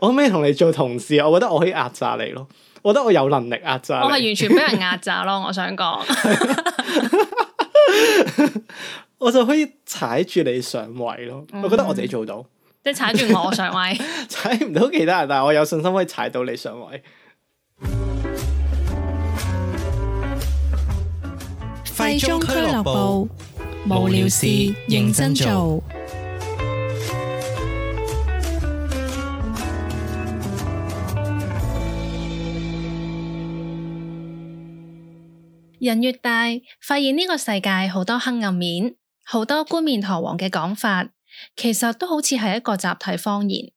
我可唔可以同你做同事？我覺得我可以壓榨你咯。我覺得我有能力壓榨你。我係完全俾人壓榨咯， 我想講。 我就可以踩住你上位咯。我覺得我自己做到。嗯，即係踩住我上位。 踩唔到其他人，但係我有信心可以踩到你上位。廢中俱樂部，無聊事，認真做。人越大，發現呢個世界好多黑暗面，好多冠冕堂皇嘅講法，其實都好似係一個集體謊言。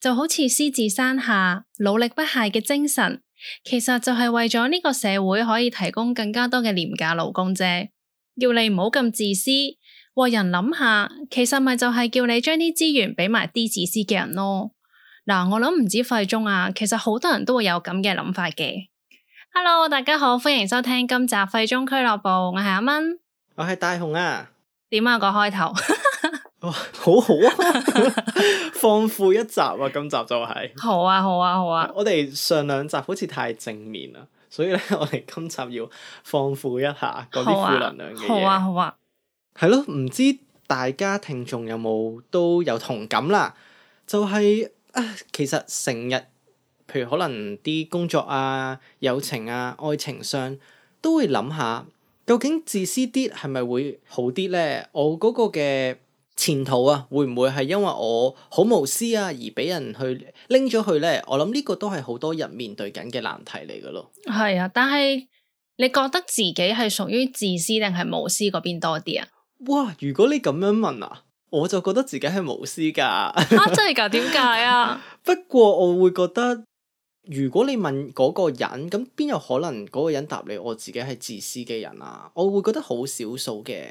就好似獅子山下努力不懈嘅精神，其實就係為咗呢個社會可以提供更加多嘅廉價勞工啫。叫你唔好咁自私，為人諗下，其實咪就係叫你將啲資源俾埋啲自私嘅人咯。嗱，我諗唔止費中啊，其實好多人都會有咁嘅諗法嘅。Hello，大家好，歡迎收聽今集廢中俱樂部，我係阿蚊，我係大雄啊。點啊個開頭？ 哦，好好啊， 放負一集啊，今集就係、是、好啊，好啊，好啊。我哋上兩集好似太正面啦，所以咧，我哋今集要放負一下嗰啲負能量嘅嘢啊。好啊，好啊，係咯，唔知大家聽眾有冇都有同感啦？就係、是、啊，其實成日。譬如可能啲工作啊、友情啊、愛情上，都會諗下究竟自私啲係咪會好啲咧？我嗰個嘅前途啊，會唔會係因為我好無私啊而俾人去拎咗去咧？我諗呢個都係好多人面對緊嘅難題嚟嘅咯。係啊，但係你覺得自己係屬於自私定係無私嗰邊多啲啊？哇！如果你咁樣問啊，我就覺得自己係無私㗎。 啊，真係㗎？點解啊？ 不過我會覺得。如果你問嗰個人，咁邊有可能嗰個人答你？我自己係自私嘅人啊，我會覺得好少數嘅，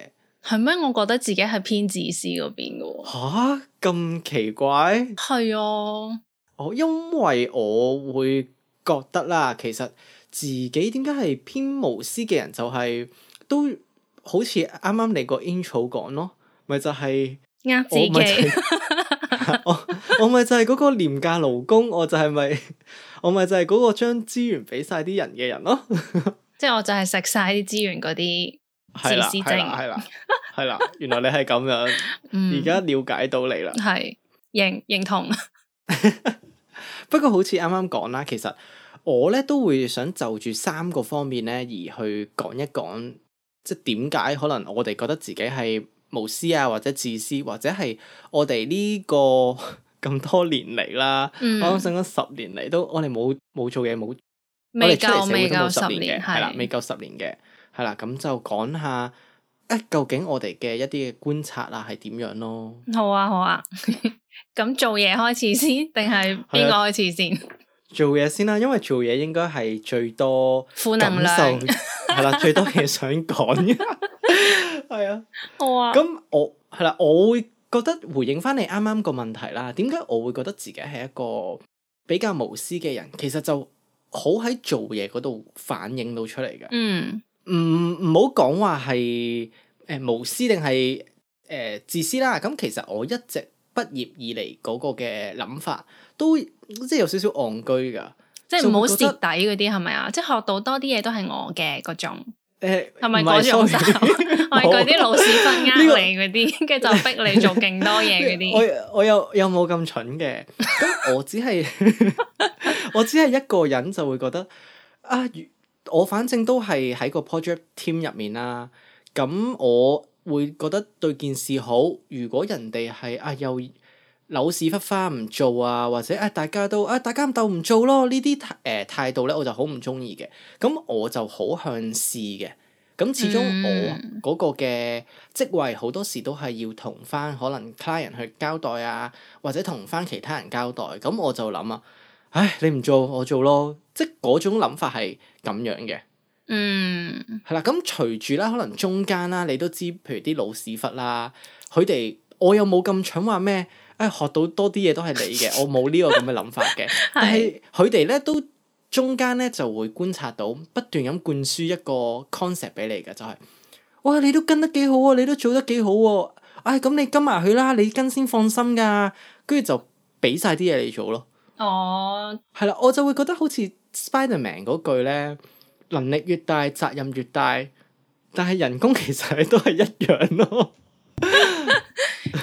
係咩？我覺得自己係偏自私嗰邊嘅，吓咁、啊、奇怪，係啊，我、哦、因為我會覺得啦，其實自己點解係偏無私嘅人，就係啱啱，就係都好似啱啱你個 Intro 講咯，咪就係呃自己。 我我咪就係嗰個廉價勞工，我就係咪我咪就係嗰個將資源俾晒啲人嘅人咯，即係我就係食晒啲資源嗰啲自私仔，係 啦， 係啦，係啦，原來你係咁樣，而家了解到你啦，係認認同。不過好似啱啱講啦，其實我咧都會想就住三個方面咧而去講一講，即係點解可能我哋覺得自己係。無私啊，或者自私，或者係我哋呢個咁 多年嚟啦，嗯、我諗想講十年嚟都我，夠我哋冇冇做嘢冇，未夠未夠十年嘅係啦，未夠十年嘅係啦，咁就講下，誒，究竟我哋嘅一啲嘅觀察啊係點樣咯？好啊好啊，咁、啊 嗯、做嘢開始先，定係邊個開始先？做嘢先啦，因為做嘢應該係最多，負能量係啦， 最多嘢想講嘅。 係啊，好啊，咁我係啦、啊，我會覺得回應翻你啱啱個問題啦。點解我會覺得自己係一個比較無私嘅人？其實就好喺做嘢嗰度反映到出嚟嘅。嗯，唔唔好講話係誒、呃、無私定係誒自私啦。咁、嗯、其實我一直畢業以嚟嗰個嘅諗法，都即係有少少戇居噶。即係唔好蝕底嗰啲係咪啊？即係學到多啲嘢都係我嘅嗰種。誒係咪嗰種手？係嗰啲老師分 group 你嗰啲， 跟住就逼你做勁多嘢嗰啲。我我又又冇咁蠢嘅，咁 我只係 我只係一個人就會覺得啊！我反正都係喺個 project team 入面啦，咁我會覺得對件事好。如果人哋係啊又。樓屎忽翻唔做啊，或者啊，大家都啊，大家唔鬥唔做咯。呢啲誒態度咧，我就好唔中意嘅。咁我就好向事嘅。咁始終我嗰個嘅職位好多時都係要同翻可能 client 去交代啊，或者同翻其他人交代。咁我就諗啊，唉，你唔做我做咯。即係嗰種諗法係咁樣嘅。嗯，係啦。咁隨住啦，可能中間啦，你都知，譬如啲老屎忽啦，佢哋我又冇咁蠢話咩？誒、哎、學到多啲嘢都係你嘅， 我冇 是呢個咁嘅諗法嘅。但係佢哋咧都中間咧就會觀察到，不斷咁灌輸一個 concept 俾你嘅，就係、是、哇你都跟得幾好喎，你都做得幾好喎。啊、哎、咁你跟埋去啦，你跟先放心噶。跟住就俾晒啲嘢你做咯。哦，係啦，我就會覺得好似 Spiderman 嗰句咧，能力越大，責任越大，但係人工其實都係一樣咯。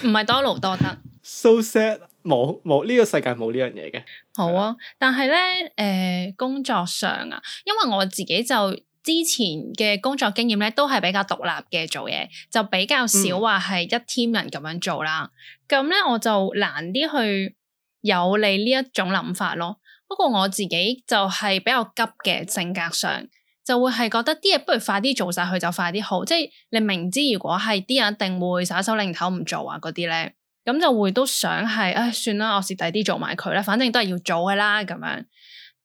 唔係多勞多得。So sad 冇，冇呢個世界冇呢樣嘢嘅，好啊！但係咧，誒、呃，工作上啊，因為我自己就之前嘅工作經驗咧，都係比較獨立嘅做嘢，就比較少話係一 team 人咁樣做啦。咁咧、嗯、我就難啲去有你呢一種諗法咯。不過我自己就係比較急嘅性格上，就會係覺得啲嘢不如快啲做晒佢就快啲好，即係你明知如果係啲人一定會耍手擰頭唔做啊嗰啲咧。咁就會都想係，唉、哎，算啦，我蝕底啲做埋佢啦，反正都係要做嘅啦，咁樣。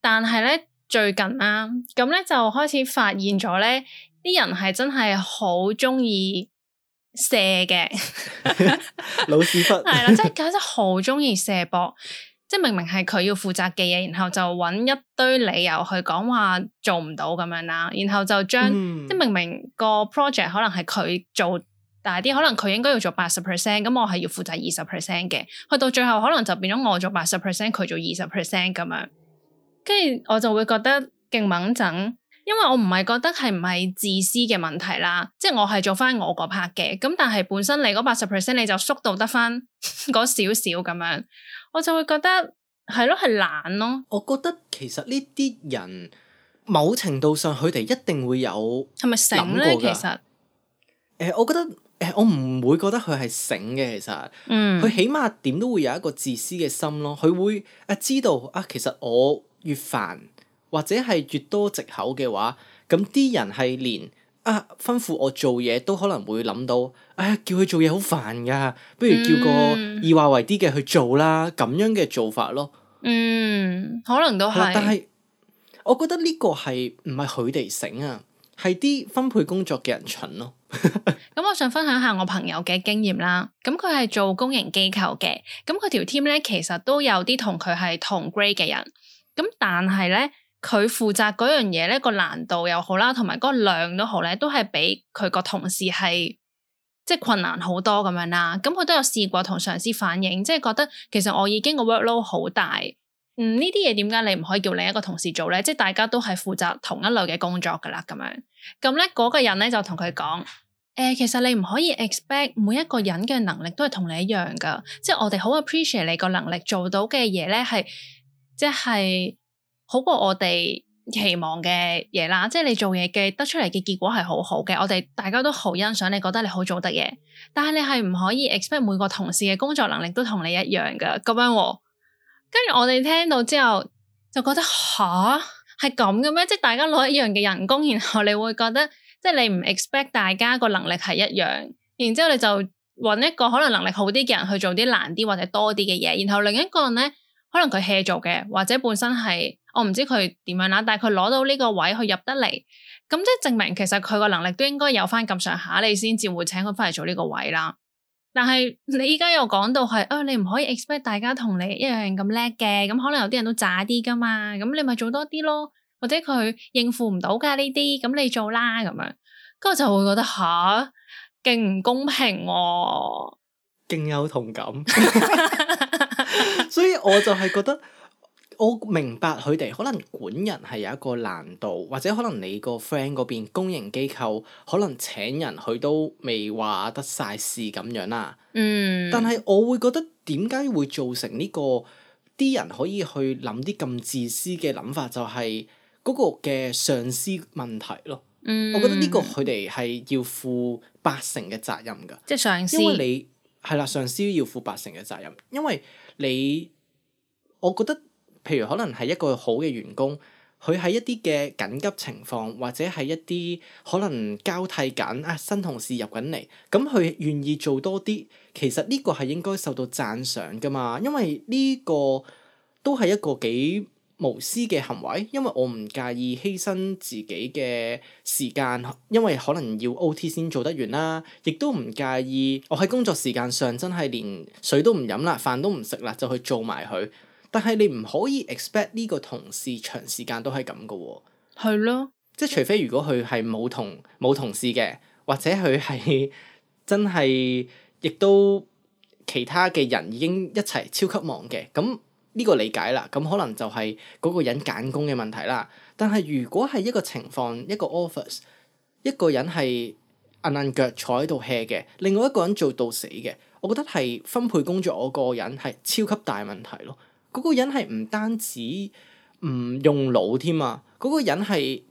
但係咧最近啦、啊，咁咧就開始發現咗咧，啲人係真係好中意卸嘅， 老屎忽係啦，即係簡直好中意卸膊，即係明明係佢要負責嘅嘢，然後就揾一堆理由去講話做唔到咁樣啦，然後就將、嗯、即係明明個 project 可能係佢做。大啲可能佢應該要做八十 percent，咁我係要負責二十 percent 嘅。去到最後可能就變咗我做八十 percent，佢做二十 percent 咁樣。跟住我就會覺得勁 𤷪𤺧，因為我唔係覺得係唔係自私嘅問題啦，即係我係做翻我個 part 嘅。咁但係本身你嗰八十 percent 你就縮到得翻嗰少少咁樣，我就會覺得係咯係懶咯。我覺得其實呢啲人某程度上佢哋一定會有係咪醒咧？其實誒，我覺得。我唔會覺得佢係醒嘅，其實，佢起碼點都會有一個自私嘅心咯。佢會啊，知道啊，其實我越煩或者係越多藉口嘅話，咁啲人係連啊吩咐我做嘢都可能會諗到，誒、哎、叫佢做嘢好煩㗎，不如叫個易話為啲嘅去做啦，咁樣嘅做法咯。嗯，可能都係。但係我覺得呢個係唔係佢哋醒啊，係啲分配工作嘅人蠢咯。咁 我想分享下我朋友嘅經驗啦。咁佢係做公營機構嘅，咁佢條 team 咧，其實都有啲同佢係同 grade 嘅人，咁但係咧佢負責嗰樣嘢咧，個難度又好啦，同埋個量都好咧，都係比佢個同事係即係困難好多咁樣啦。咁佢都有試過同上司反映，即係覺得其實我已經個 workload 好大，嗯，呢啲嘢點解你唔可以叫另一個同事做咧？即係大家都係負責同一類嘅工作噶啦，咁樣咁咧嗰個人咧就同佢講。誒、呃，其實你唔可以 expect 每一個人嘅能力都係同你一樣噶，即係我哋好 appreciate 你個能力做到嘅嘢咧，係即係好過我哋期望嘅嘢啦。即係你做嘢嘅得出嚟嘅結果係好好嘅，我哋大家都好欣賞你，覺得你好做得嘢。但係你係唔可以 expect 每個同事嘅工作能力都同你一樣噶，咁樣喎，跟住我哋聽到之後就覺得吓係咁嘅咩？即係大家攞一樣嘅人工，然後你會覺得？即係你唔 expect 大家個能力係一樣，然之後你就揾一個可能能力好啲嘅人去做啲難啲或者多啲嘅嘢，然後另一個人咧可能佢 hea 做嘅，或者本身係我唔知佢點樣啦，但係佢攞到呢個位去入得嚟，咁即係證明其實佢個能力都應該有翻咁上下，你先至會請佢翻嚟做呢個位啦。但係你依家又講到係，啊你唔可以 expect 大家同你一樣咁叻嘅，咁可能有啲人都渣啲噶嘛，咁你咪做多啲咯。或者佢應付唔到㗎呢啲，咁你做啦咁樣，跟住就會覺得吓，勁、啊、唔公平喎、啊，勁有同感。 所以我就係覺得，我明白佢哋可能管人係有一個難度，或者可能你個 friend 嗰邊公營機構可能請人佢都未話得晒事咁樣啦、啊。嗯，但係我會覺得點解會造成呢、呢個啲人可以去諗啲咁自私嘅諗法、就係，就係，嗰個嘅上司問題咯，嗯、我覺得呢個佢哋係要負八成嘅責任噶，即係上司。你係啦，上司要負八成嘅責任，因為你我覺得，譬如可能係一個好嘅員工，佢喺一啲嘅緊急情況，或者係一啲可能交替緊啊新同事入緊嚟，咁佢願意做多啲，其實呢個係應該受到讚賞噶嘛，因為呢個都係一個幾。無私嘅行為，因為我唔介意犧牲自己嘅時間，因為可能要 O.T. 先做得完啦。亦都唔介意我喺工作時間上真係連水都唔飲啦，飯都唔食啦，就去做埋佢。但係你唔可以 expect 呢個同事長時間都係咁噶喎。係咯的，即係除非如果佢係冇同冇同事嘅，或者佢係真係亦都其他嘅人已經一齊超級忙嘅咁。呢個理解啦，咁可能就係嗰個人揀工嘅問題啦。但係如果係一個情況，一個 office，一個人係硬硬腳坐喺度吃嘅，另外一個人做到死嘅，我覺得係分配工作，我個人係超級大問題咯。嗰個人係唔單止唔用腦添啊，嗰個人係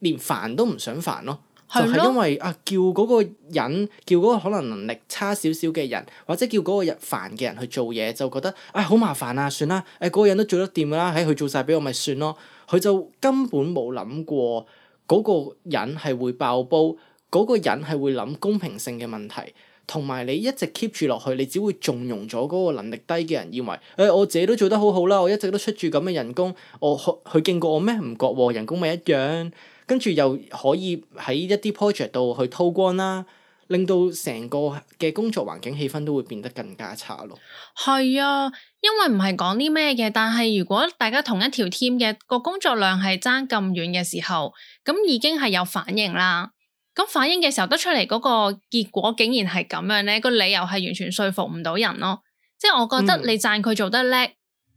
連煩都唔想煩咯。就係因為啊，叫嗰個人，叫嗰個可能能力差少少嘅人，或者叫嗰個人煩嘅人去做嘢，就覺得唉，好、哎、麻煩啊，算啦，誒、哎、嗰、那個、人都做得掂啦，喺、哎、佢做晒俾我咪算咯。佢就根本冇諗過嗰、那個人係會爆煲，嗰、那個人係會諗公平性嘅問題，同埋你一直 keep 住落去，你只會縱容咗嗰個能力低嘅人，以為誒、哎、我自己都做得好好啦，我一直都出住咁嘅人工，我佢勁過我咩？唔覺喎，人工咪一樣。跟住又可以喺一啲 project 度去偷光啦，令到成個嘅工作環境氣氛都會變得更加差咯。係啊，因為唔係講啲咩嘅，但係如果大家同一條 team 嘅個工作量係爭咁遠嘅時候，咁已經係有反應啦。咁反應嘅時候得出嚟嗰個結果竟然係咁樣咧，個理由係完全說服唔到人咯。即係我覺得你讚佢做得叻，咁、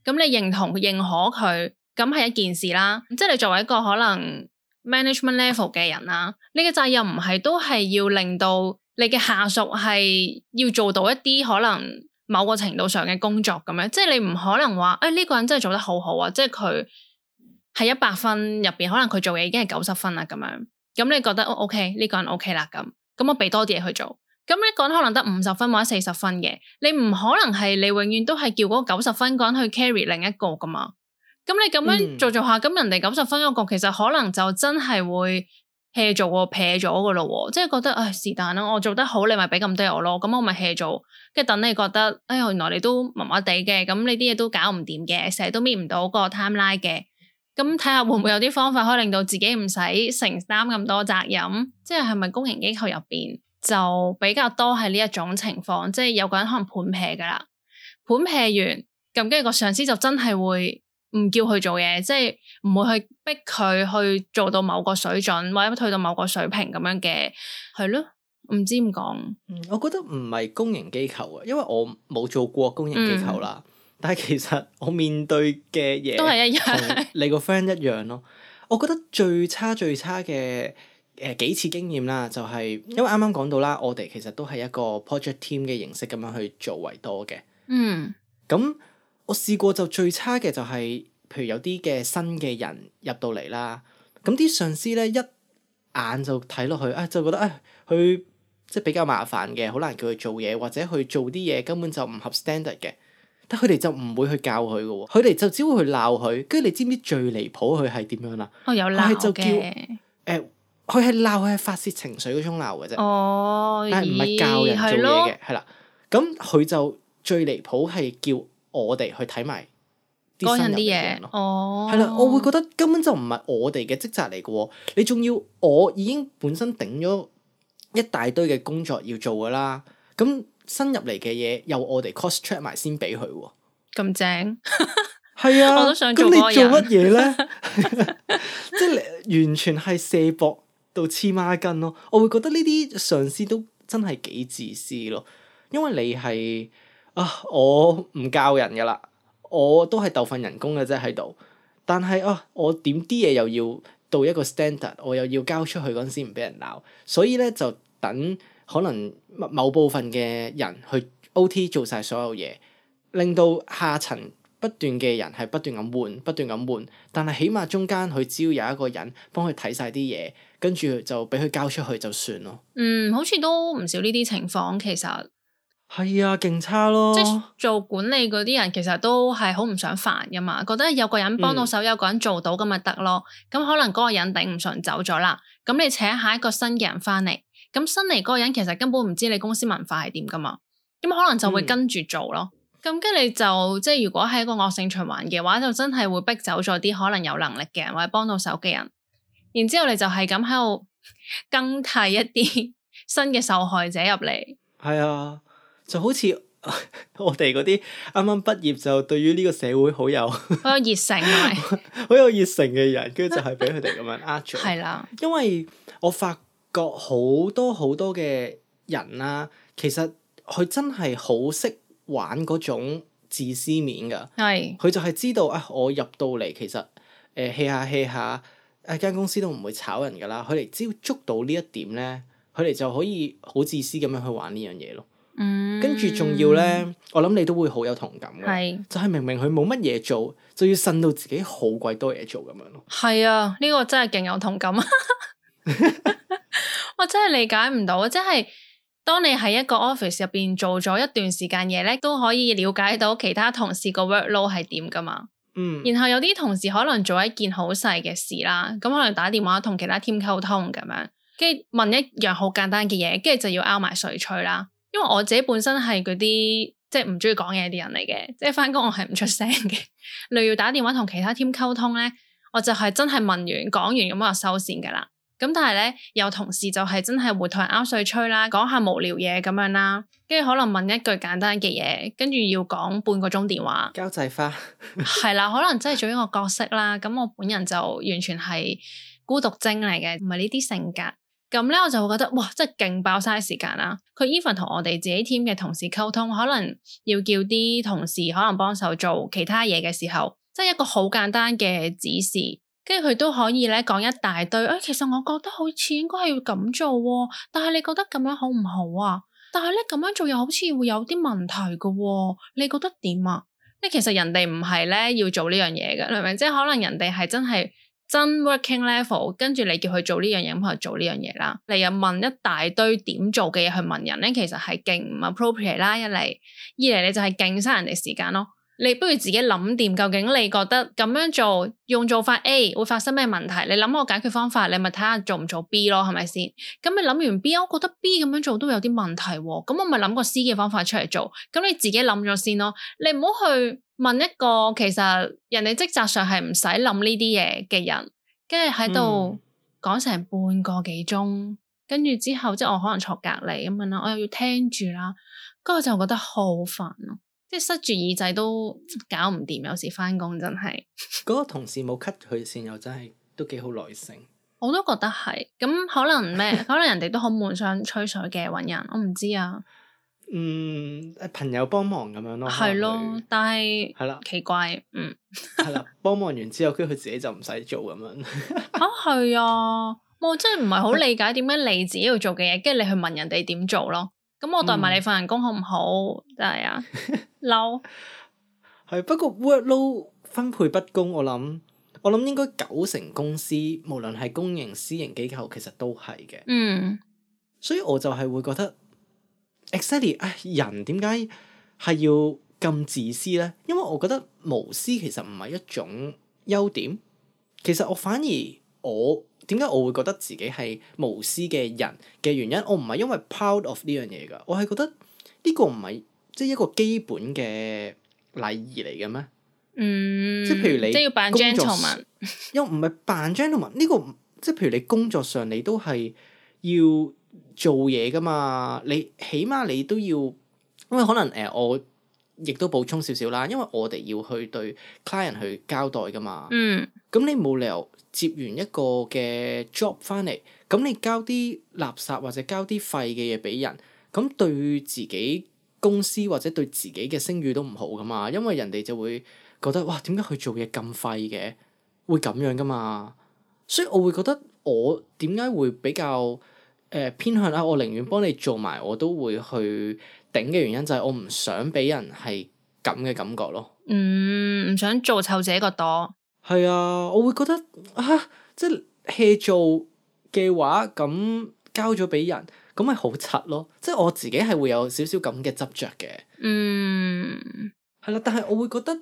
嗯、你認同認可佢，咁係一件事啦。即係你作為一個可能。management level 嘅人啦，呢個責任唔係都係要令到你嘅下屬係要做到一啲可能某個程度上嘅工作咁樣，即係你唔可能話誒呢個人真係做得好好啊，即係佢係一百分入邊，可能佢做嘢已經係九十分啦咁樣，咁你覺得、哦、OK 呢個人 OK 啦咁，咁我俾多啲嘢去做，咁呢個人可能得五十分或者四十分嘅，你唔可能係你永遠都係叫嗰九十分個人去 carry 另一個噶嘛。咁你咁樣做做下，咁、嗯、人哋九十分嗰個，其實可能就真係會撇咗個撇咗噶咯，即係覺得唉是但啦，我做得好，你咪俾咁多我咯，咁我咪撇做，跟住等你覺得，哎原來你都麻麻地嘅，咁你啲嘢都搞唔掂嘅，成日都搣唔到個 timeline 嘅，咁睇下會唔會有啲方法可以令到自己唔使承擔咁多責任，即係係咪公營機構入邊就比較多係呢一種情況，即係有個人可能判撇噶啦，判撇完咁，跟住個上司就真係會。唔叫佢做嘢，即係唔會去逼佢去做到某個水準，或者退到某個水平咁樣嘅，係咯？唔知點講、嗯。我覺得唔係公營機構啊，因為我冇做過公營機構啦。嗯、但係其實我面對嘅嘢都係一樣，你個 friend 一樣咯。 我覺得最差最差嘅誒、呃、幾次經驗啦，就係、係、因為啱啱講到啦，我哋其實都係一個 project team 嘅形式咁樣去做為多嘅。嗯。咁、嗯。我試過就最差嘅就係、是，譬如有啲嘅新嘅人入到嚟啦，咁啲上司咧一眼就睇落去，啊、哎、就覺得啊佢、哎、即係比較麻煩嘅，好難叫佢做嘢，或者佢做啲嘢根本就唔合 standard 嘅，但佢哋就唔會去教佢嘅喎，佢哋就只會去鬧佢。跟住你知唔知最離譜佢係點樣啦？哦，我有鬧嘅。誒、哎，佢係鬧，佢係發洩情緒嗰種鬧嘅啫。哦，但係唔係教人做嘢嘅，係啦。咁佢就最離譜係叫，我哋去睇埋啲人啲嘢咯，係啦、哦，我會覺得根本就唔係我哋嘅職責嚟嘅，你仲要我已經本身頂咗一大堆嘅工作要做噶啦，咁新入嚟嘅嘢由我哋 cost check 埋先俾佢，咁麼正係啊， 的 我都想咁 你做乜嘢咧？即 係 你完全係卸膊到黐孖筋咯，我會覺得呢啲上司都真係幾自私咯，因為你係。啊，我唔教人噶啦，我都係鬥份人工嘅啫喺度。但係啊，我點啲嘢又要到一個 standard，我又要交出去嗰陣時唔俾人鬧，所以咧就等可能某部分嘅人去 OT 做晒所有嘢，令到下層不斷嘅人係不斷咁換，不斷咁換。但係起碼中間佢只要有一個人幫佢睇晒啲嘢，跟住就俾佢交出去就算咯。嗯，好似都唔少呢啲情況，其實。係啊，勁差咯！即係做管理嗰啲人，其實都係好唔想煩噶嘛，覺得有個人幫到手，嗯、有個人做到咁咪得咯。咁可能嗰個人頂唔順走咗啦，咁你請下一個新嘅人翻嚟，咁新嚟嗰個人其實根本唔知你公司文化係點噶嘛，咁可能就會跟住做咯。咁跟住你就即係如果係一個惡性循環嘅話，就真係會逼走咗啲可能有能力嘅人或者幫到手嘅人。然之後你就係咁喺度更替一啲 新嘅受害者入嚟。係啊。就好似我哋嗰啲啱啱畢業就對於呢個社會好有好 有熱誠，好有熱誠嘅人，跟住 就係俾佢哋咁樣呃咗。係啦的，因為我發覺好多好多嘅人啦、啊，其實佢真係好識玩嗰種自私面噶。係的，佢就係知道啊，我入到嚟其實誒 hea 下、呃、hea 下，一、啊、間公司都唔會炒人噶啦。佢哋只要捉到呢一點咧，佢哋就可以好自私咁樣去玩呢樣嘢咯。嗯，跟住仲要咧，我諗你都會好有同感嘅，是就係明明佢冇乜嘢做，就要呻到自己好鬼多嘢做咁樣咯。係啊，呢個真係勁有同感。我真係理解唔到，即係當你喺一個 office 入邊做咗一段時間嘢咧，都可以了解到其他同事個 workload 係點噶嘛。嗯，然後有啲同事可能做一件好細嘅事啦，咁可能打電話同其他 team 溝通咁樣，跟住問一樣好簡單嘅嘢，跟住就要拗埋水吹啦。因為我自己本身係嗰啲即係唔中意講嘢啲人嚟嘅，即係翻工我係唔出聲嘅。 例如打電話同其他 team 溝通咧，我就係真係問完講完咁我就收線噶啦。咁但係咧，有同事就係真係會同人啱碎吹啦，講下無聊嘢咁樣啦，跟住可能問一句簡單嘅嘢，跟住要講半個鐘電話。交際濟花係啦， 可能真係做一個角色啦。咁我本人就完全係孤獨精嚟嘅，唔係呢啲性格。咁咧，我就會覺得哇，真係勁爆嘥時間啦、啊！佢 even 同我哋自己 team 嘅同事溝通，可能要叫啲同事可能幫手做其他嘢嘅時候，即係一個好簡單嘅指示，跟住佢都可以咧講一大堆。誒、哎，其實我覺得好似應該係要咁做喎、啊，但係你覺得咁樣好唔好啊？但係咧咁樣做又好似會有啲問題嘅喎、啊，你覺得點啊？誒，其實人哋唔係咧要做呢樣嘢嘅，明唔明？即係可能人哋係真係。真 working level，跟住你叫佢做呢樣嘢咁，佢就做呢樣嘢啦。你又問一大堆點做嘅嘢去問人咧，其實係勁唔 appropriate 啦。一嚟，二嚟，你就係勁嘥人哋時間咯。你不如自己諗掂，究竟你覺得咁樣做用做法 A 會發生咩問題？你諗個解決方法，你咪睇下做唔做 B 咯，係咪先？咁你諗完 B，我覺得 B 咁樣做都有啲問題喎，咁我咪諗個 C 嘅方法出嚟做。咁你自己諗咗先咯，你唔好去問一個其實人哋職責上係唔使諗呢啲嘢嘅人，跟住喺度講成半個幾鐘，跟住之後即係我可能坐隔離咁樣啦，我又要聽住啦，跟住我就覺得好煩咯。即係塞住耳仔都搞唔掂，有時返工真係。嗰個同事冇 cut 佢線又真係都幾好耐性。我都覺得係，咁可能咩？可能人哋都好悶，想吹水嘅，揾人，我唔知啊。嗯，朋友幫忙咁樣咯。係、啊、咯， 但係係啦，奇怪， 嗯，係啦，幫忙完之後，跟住佢自己就唔使做咁樣 啊，係啊，我真係唔係好理解點解你自己要做嘅嘢，跟住 你去問人哋點做咯。咁我代埋你份人工好唔好？真係啊，嬲 係不過 workload 分配不公，我諗我諗應該九成公司，無論係公營私營機構，其實都係嘅。嗯，所以我就係會覺得 Excited，唉，人點解係要咁自私咧？因為我覺得無私其實唔係一種優點，其實我反而我。點解我會覺得自己係無私嘅人嘅原因？我唔係因為 proud of 呢樣嘢㗎，我係覺得呢個唔係即係一個基本嘅禮儀嚟嘅咩？嗯、即係譬如你，即係要扮 gentleman， 又唔係扮 gentleman、呢個。呢個即係譬如你工作上你都係要做嘢㗎嘛？你起碼你都要，因為可能誒、呃、我亦都補充少少啦，因為我哋要去對 client 去交代㗎嘛。嗯，咁你冇理由，接完一個嘅 job 翻嚟，咁你交啲垃圾或者交啲廢嘅嘢俾人，咁對自己公司或者對自己嘅聲譽都唔好噶嘛，因為人哋就會覺得哇，點解佢做嘢咁廢嘅，會咁樣噶嘛？所以我會覺得我點解會比較誒、呃、偏向咧，我寧願幫你做埋，我都會去頂嘅原因就係我唔想俾人係咁嘅感覺咯。嗯，唔想做臭咗個朵。係啊，我會覺得啊，即係 hea 做嘅話，咁交咗俾人咁咪好柒咯。即係我自己係會有少少咁嘅執着嘅。嗯，係啦、啊，但係我會覺得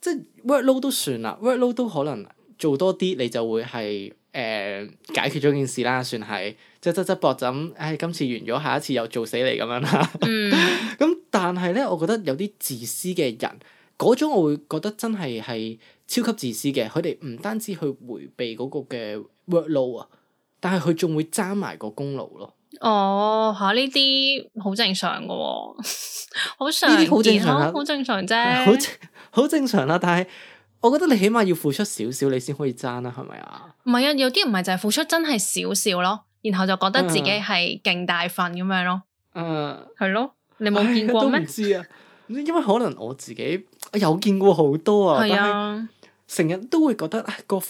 即係 workload 都算啦，workload 都可能做多啲，你就會係誒、呃、解決咗件事啦，算係即係執執搏枕，咁。唉、哎，今次完咗，下一次又做死你咁樣啦。咁、嗯、 但係咧，我覺得有啲自私嘅人嗰種，我會覺得真係係。超級自私嘅，佢哋唔單止去迴避嗰個嘅 work load 啊，但係佢仲會爭埋個功勞咯。哦，嚇，呢啲好正常嘅喎、哦，好常、哦，好正常，好正常啫，好、嗯、正常啦、嗯嗯。但係我覺得你起碼要付出少少，你先可以爭啦，係咪啊？唔係啊，有啲唔係就係付出真係少少咯，然後就覺得自己係勁大份咁樣咯。嗯，係咯，你冇見過咩？唔、哎、知啊，因為可能我自己我有見過好多啊。係啊。 成日都會覺得啊個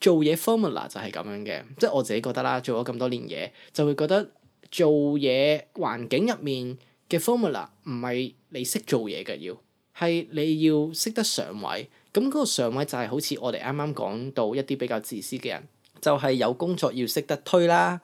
做嘢 formula 就係咁樣嘅，即係我自己覺得啦，做咗咁多年嘢就會覺得做嘢環境入面嘅 formula 唔係你識做嘢嘅要，係你要識得上位，咁嗰個上位就係好似我哋啱啱講到一啲比較自私嘅人。就係有工作要識得推啦，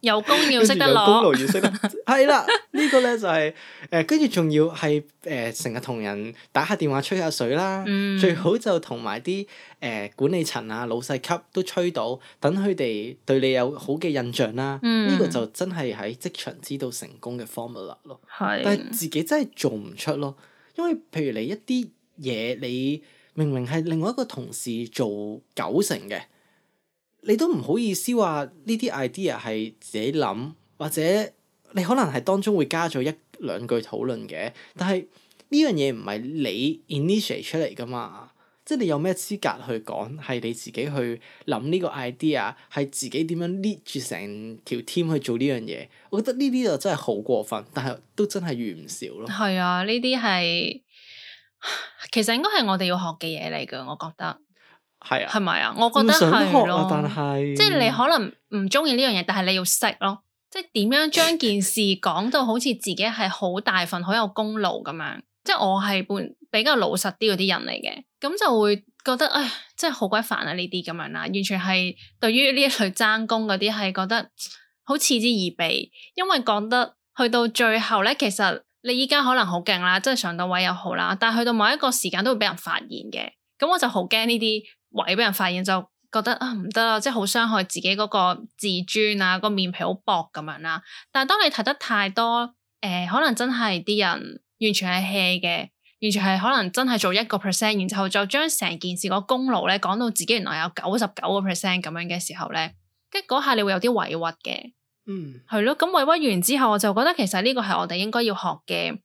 有工要識得攞，有功勞要識得攞，係啦，這個、呢個咧就係、是、誒，跟住仲要係誒，成日同人打下電話吹下水啦，嗯、最好就同埋啲誒管理層啊老細級都吹到，等佢哋對你有好嘅印象啦。呢、嗯、個就真係喺職場知道成功嘅 formula 咯，是但係自己真係做唔出咯，因為譬如你一啲嘢，你明明係另外一個同事做九成嘅。你都唔好意思話呢啲 idea 係自己諗，或者你可能係當中會加咗一兩句討論嘅，但係呢樣嘢唔係你 initiate 出嚟噶嘛，即係你有咩資格去講係你自己去諗呢個 idea，係自己點樣 lead 住成條 team 去做呢樣嘢？我覺得呢啲就真係好過分，但係都真係遇唔少咯。係啊，呢啲係其實應該係我哋要學嘅嘢嚟㗎，我覺得。係啊，係咪啊？我覺得係咯、啊、咯，即係你可能唔中意呢樣嘢，但係你要識咯，即係點樣將件事講到好似自己係好大份、好有功勞咁樣。即係我係本比較老實啲嗰啲人嚟嘅，咁就會覺得唉，即係好鬼煩啊呢啲咁樣啦。完全係對於呢一類爭功嗰啲，係覺得好嗤之以鼻。因為講得去到最後咧，其實你依家可能好勁啦，即係上到位又好啦，但係去到某一個時間都會俾人發現嘅。咁我就好驚呢啲。委俾人發現就覺得啊唔得啦，即係好傷害自己嗰個自尊啊，個面皮好薄咁樣啦。但係當你睇得太多，誒、呃、可能真係啲人完全係 hea 嘅，完全係可能真係做一個 percent，然後就將成件事個功勞咧講到自己原來有九十九個 percent 咁樣嘅時候咧，跟住嗰下你會有啲委屈嘅，嗯，係咯。咁委屈完之後，我就覺得其實呢個係我哋應該要學嘅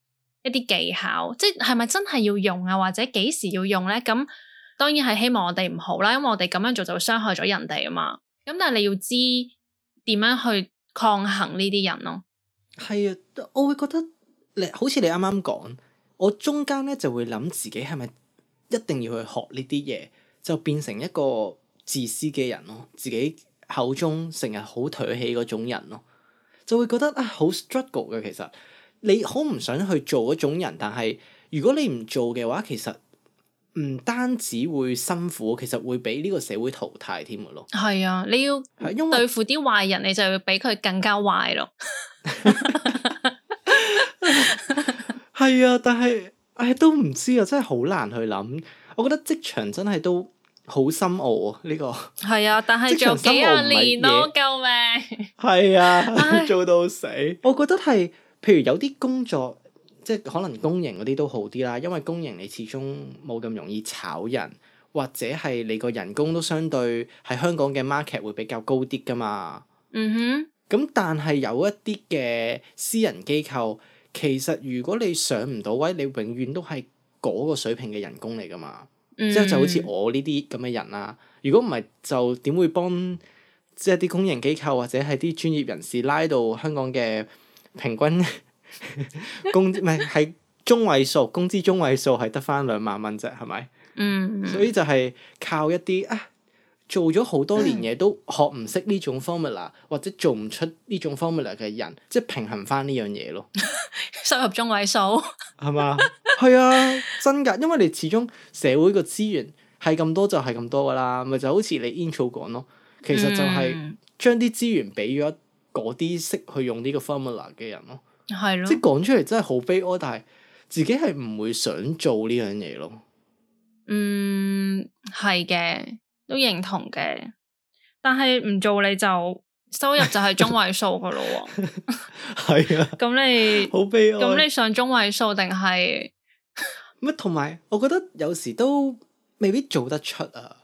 一啲技巧，即係咪真係要用啊，或者幾時要用咧？咁當然係希望我哋唔好啦，因為我哋咁樣做就會傷害咗人哋啊嘛。咁但係你要知點樣去抗衡呢啲人咯。係啊，我會覺得好你好似你啱啱講，我中間咧就會諗自己係咪一定要去學呢啲嘢，就變成一個自私嘅人咯。自己口中成日好唾棄嗰種人咯，就會覺得啊好 struggle 嘅。其實你好唔想去做嗰種人，但係如果你唔做嘅話，其實唔單止會辛苦，其實會俾呢個社會淘汰添噶咯。係啊，你要對付啲壞人，為你就要比佢更加壞咯。係 啊，但係，唉、哎，都唔知啊，真係好難去諗。我覺得職場真係都好深奧啊，呢、這個係啊，但係職場深奧唔係嘢，救命！係 啊，做到死。唉我覺得係，譬如有啲工作。即係可能公營嗰啲都好啲啦，因為公營你始終冇咁容易炒人，或者係你個人工都相對喺香港嘅 market 會比較高啲噶嘛。嗯哼。咁但係有一啲嘅私人機構，其實如果你上唔到位，你永遠都係嗰個水平嘅人工嚟噶嘛。嗯。即係就好似我呢啲咁嘅人啦、啊。如果唔係，就點會幫即係啲公營機構或者係啲專業人士拉到香港嘅平均、嗯？ 工資唔係係中位數，工資中位數係得翻兩萬蚊啫，係咪？嗯。所以就係靠一啲啊，做咗好多年嘢都學唔識呢種 formula， 或者做唔出呢種 formula 嘅人，即係平衡翻呢樣嘢咯。 收入中位數係嘛？係 啊，真㗎，因為你始終社會個資源係咁多就係咁多㗎啦，咪就好似你 intro 講咯，其實就係將啲資源俾咗嗰啲識去用呢個 formula 嘅人咯。係咯，即係講出嚟真係好悲哀，但係自己係唔會想做呢樣嘢咯。嗯，係嘅，都認同嘅。但係唔做你就收入就係中位數噶咯。係 啊，咁 你好 悲哀。咁你想中位數定係乜？同埋，我覺得有時都未必做得出啊。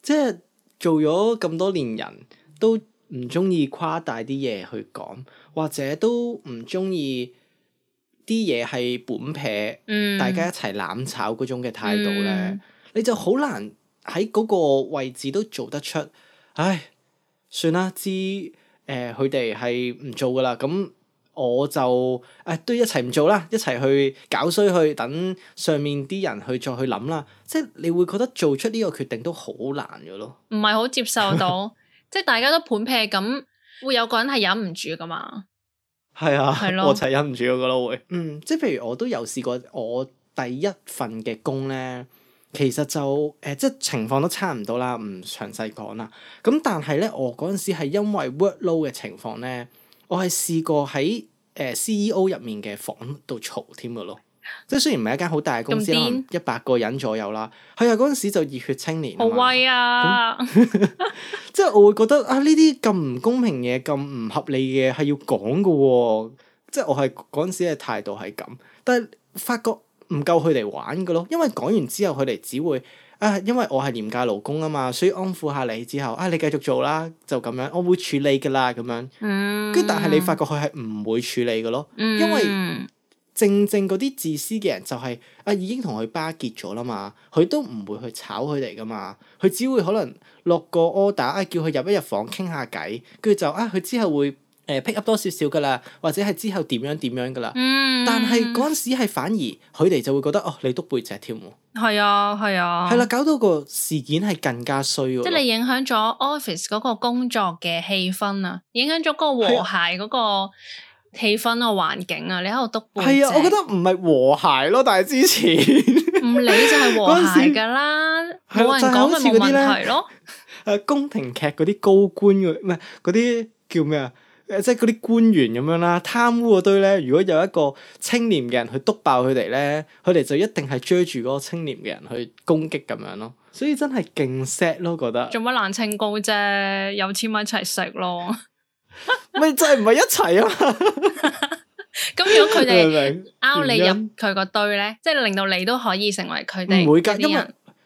即係做咗咁多年人都。唔中意誇大啲嘢去講，或者都唔中意啲嘢係本撇，嗯，大家一齊攬炒嗰種嘅態度咧，嗯，你就好難喺嗰個位置都做得出。唉，算啦，知誒，佢哋係唔做噶啦，咁我就誒都一齊唔做啦，一齊去搞衰去，等上面啲人去再去諗啦。即係你會覺得做出呢個決定都好難噶咯，唔係好接受到。 即係大家都判劈咁，會有個人係忍唔住噶嘛？係啊，的我就忍唔住嗰個咯會。嗯，即係譬如我都有試過，我第一份嘅工咧，其實就誒、呃，即係情況都差唔多啦，唔詳細講啦。咁但係咧，我嗰陣時係因為 workload 嘅情況咧，我係試過喺誒、呃、CEO 入面嘅房度嘈添噶咯。即係雖然唔係一間好大嘅公司，一百個人左右啦。係啊，嗰陣時就熱血青年，好威會啊！ 即係我會覺得啊，呢啲咁唔公平嘢，咁唔 合理嘅係要講噶。即係我係嗰陣時嘅態度係咁，但係發覺唔夠佢哋玩噶咯。因為講完之後，佢哋只會啊，因為我係廉價勞工啊嘛，所以安撫下你之後，啊，你繼續做啦，就咁樣，我會處理噶啦，咁樣。跟住但係你發覺佢係唔會處理噶咯，因為、嗯。因為正正嗰啲自私嘅人就係、是、啊，已經同佢巴結咗啦嘛，佢都唔會去炒佢哋㗎嘛，佢只會可能落個 order 啊，叫佢入一入房傾下偈，跟住就啊，佢之後會誒、呃、pick up 多少少㗎啦，或者係之後點樣點樣㗎啦。嗯，但係嗰陣時係反而佢哋就會覺得哦，你篤背脊添喎。係啊，係啊。係啦，搞到個事件係更加衰喎。即係你影響咗 office 嗰個工作嘅氣氛啊，影響咗嗰個和諧嗰、啊那個。氣氛啊，環境啊，你喺度督半？係啊，我覺得唔係和諧咯，但係之前唔理 就係和諧噶啦，冇 人講乜 問題咯。誒、啊，宮廷劇嗰啲高官，唔係嗰啲叫咩啊？誒，即係嗰啲官員咁樣啦，貪污嗰堆咧，如果有一個清廉嘅人去督爆佢哋咧，佢哋就一定係追住嗰個清廉嘅人去攻擊咁樣咯。所以真係勁 sad 咯，覺得做乜難清高啫？有錢咪一齊食咯。咪就係唔係一齊啊嘛？如果佢哋勾你入佢個堆咧，即係令到你都可以成為佢哋。唔會噶，因為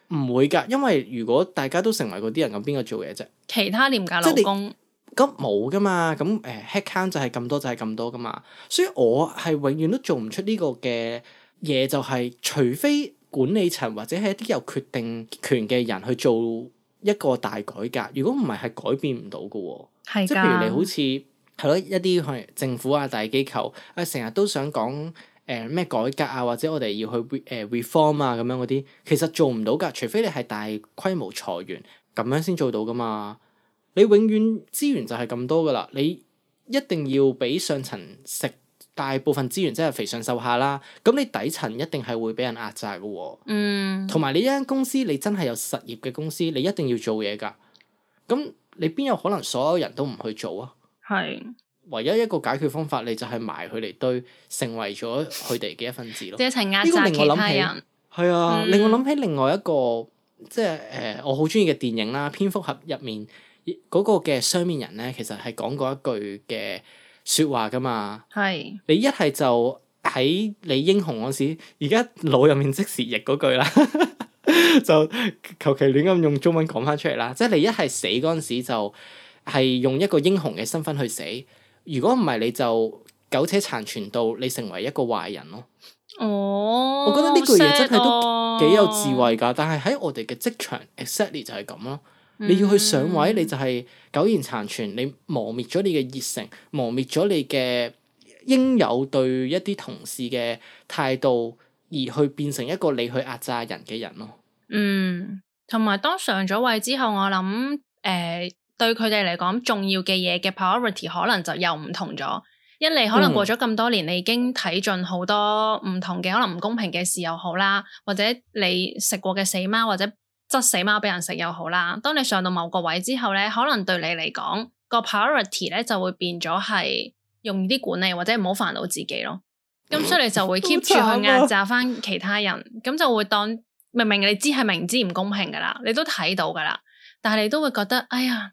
唔會噶，因為如果大家都成為嗰啲人，咁邊個做嘢啫？其他廉價勞工咁冇噶嘛？咁誒 headcount 就係咁多，就係咁多噶嘛。所以我係永遠都做唔出呢個嘅嘢，就係、是、除非管理層或者係一啲有決定權嘅人去做一個大改革。如果唔係，係改變唔到噶。即係譬如你好似係咯，一啲係政府啊、大機構啊成日都想講誒咩改革啊或者我哋要去誒 reform 啊咁樣，嗰啲其實做唔到噶，除非你係大規模裁員咁樣先做到噶嘛。你永遠資源就係咁多噶啦，你一定要俾上層食大部分資源，即係肥上瘦下啦，咁你底層一定係會俾人壓榨噶。嗯，同埋你一間公司，你真係有實業嘅公司，你一定要做嘢噶咁。你邊有可能所有人都唔去做啊？係是，唯一一個解決方法，你就係埋佢哋堆，成為咗佢哋嘅一份子咯，即係趁壓榨其他人。係 啊，令我諗起另外一個，即係誒、呃，我好中意嘅電影啦，《蝙蝠俠》入面嗰個嘅雙面人咧，其實係講過一句嘅說話噶嘛。係是，你一係就喺你英雄嗰時，而家腦入面即時譯嗰句啦。 就求其亂咁用中文講翻出嚟啦！即、就、係、是、你一係死嗰陣時就係、是、用一個英雄嘅身份去死，如果唔係你就苟且殘存到你成為一個壞人咯。哦，我覺得呢句嘢真係都幾有智慧㗎。哦、但係喺我哋嘅職場，exactly 就係咁咯。你要去上位，嗯、你就係苟延殘存，你磨滅咗你嘅熱誠，磨滅咗你嘅應有對一啲同事嘅態度，而去變成一個你去壓榨人嘅人咯。嗯，同埋當上咗位之後，我諗誒、呃，對佢哋嚟講重要嘅嘢嘅 priority 可能就又唔同咗。一嚟可能過咗咁多年，嗯、你已經睇盡好多唔同嘅可能唔公平嘅事又好啦，或者你食過嘅死貓或者執死貓俾人食又好啦。當你上到某個位之後咧，可能對你嚟講、個 priority 咧就會變咗係容易啲管理，或者唔好煩惱自己咯。咁、嗯、所以你就會 keep 住、嗯啊、去壓榨翻其他人，咁就會當。明明你知係明知唔公平噶啦，你都睇到噶啦，但係你都會覺得，哎呀，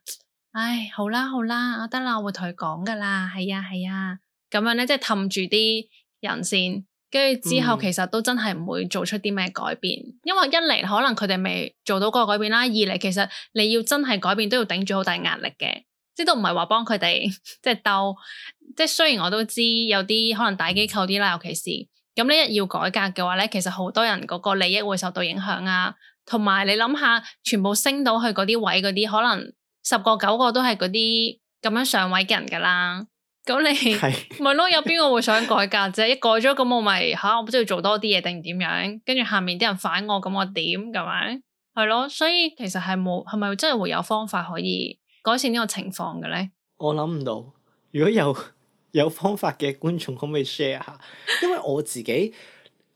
唉，好啦好啦，我得啦，我會同佢講噶啦，係啊係啊，咁樣咧即係氹住啲人先，跟住之後其實都真係唔會做出啲咩改變，嗯、因為一嚟可能佢哋未做到個改變啦，二嚟其實你要真係改變都要頂住好大壓力嘅，即係都唔係話幫佢哋即係鬥，即係雖然我都知有啲可能大機構啲啦，尤其是。咁呢一要改革嘅話咧，其實好多人嗰個利益會受到影響啊，同埋你諗下，全部升到去嗰啲位嗰啲，可能十個九個都係嗰啲咁樣上位嘅人噶啦。咁你係咪咯？有邊個會想改革啫？一改咗咁我咪吓，啊，我唔知要做多啲嘢定點樣，跟住下面啲人反我，咁我點噶咪？係咯，所以其實係冇，係咪真係會有方法可以改善呢個情況嘅咧？我諗唔到，如果有。有方法嘅觀眾可唔可以 share 下？因為我自己，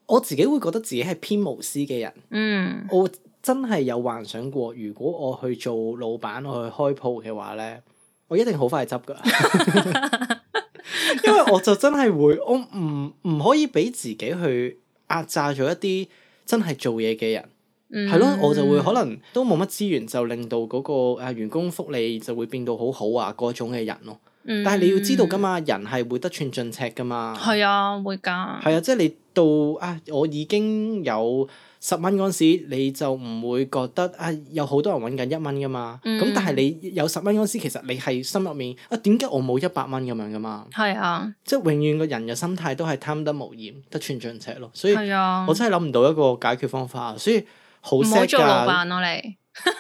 我自己會覺得自己係偏無私嘅人。嗯，我真係有幻想過，如果我去做老闆，我去開鋪嘅話咧，我一定好快執噶。 因為我就真係會，我唔唔可以俾自己去壓榨咗一啲真係做嘢嘅人，係咯、嗯，我就會可能都冇乜資源，就令到嗰個誒員工福利就會變到好好啊嗰種嘅人咯。但係你要知道噶嘛，嗯、人係會得寸進尺噶嘛。係啊，會噶。係啊，即、就、係、是、你到啊，我已經有十蚊嗰時，你就唔會覺得啊，有好多人搵緊一蚊噶嘛。咁、嗯、但係你有十蚊嗰時，其實你係心入面啊，點解我冇一百蚊咁樣噶嘛？係啊，即係永遠個人嘅心態都係貪得無厭，得寸進尺咯。所以，啊，我真係諗唔到一個解決方法。所以好識做老闆咯、啊，你。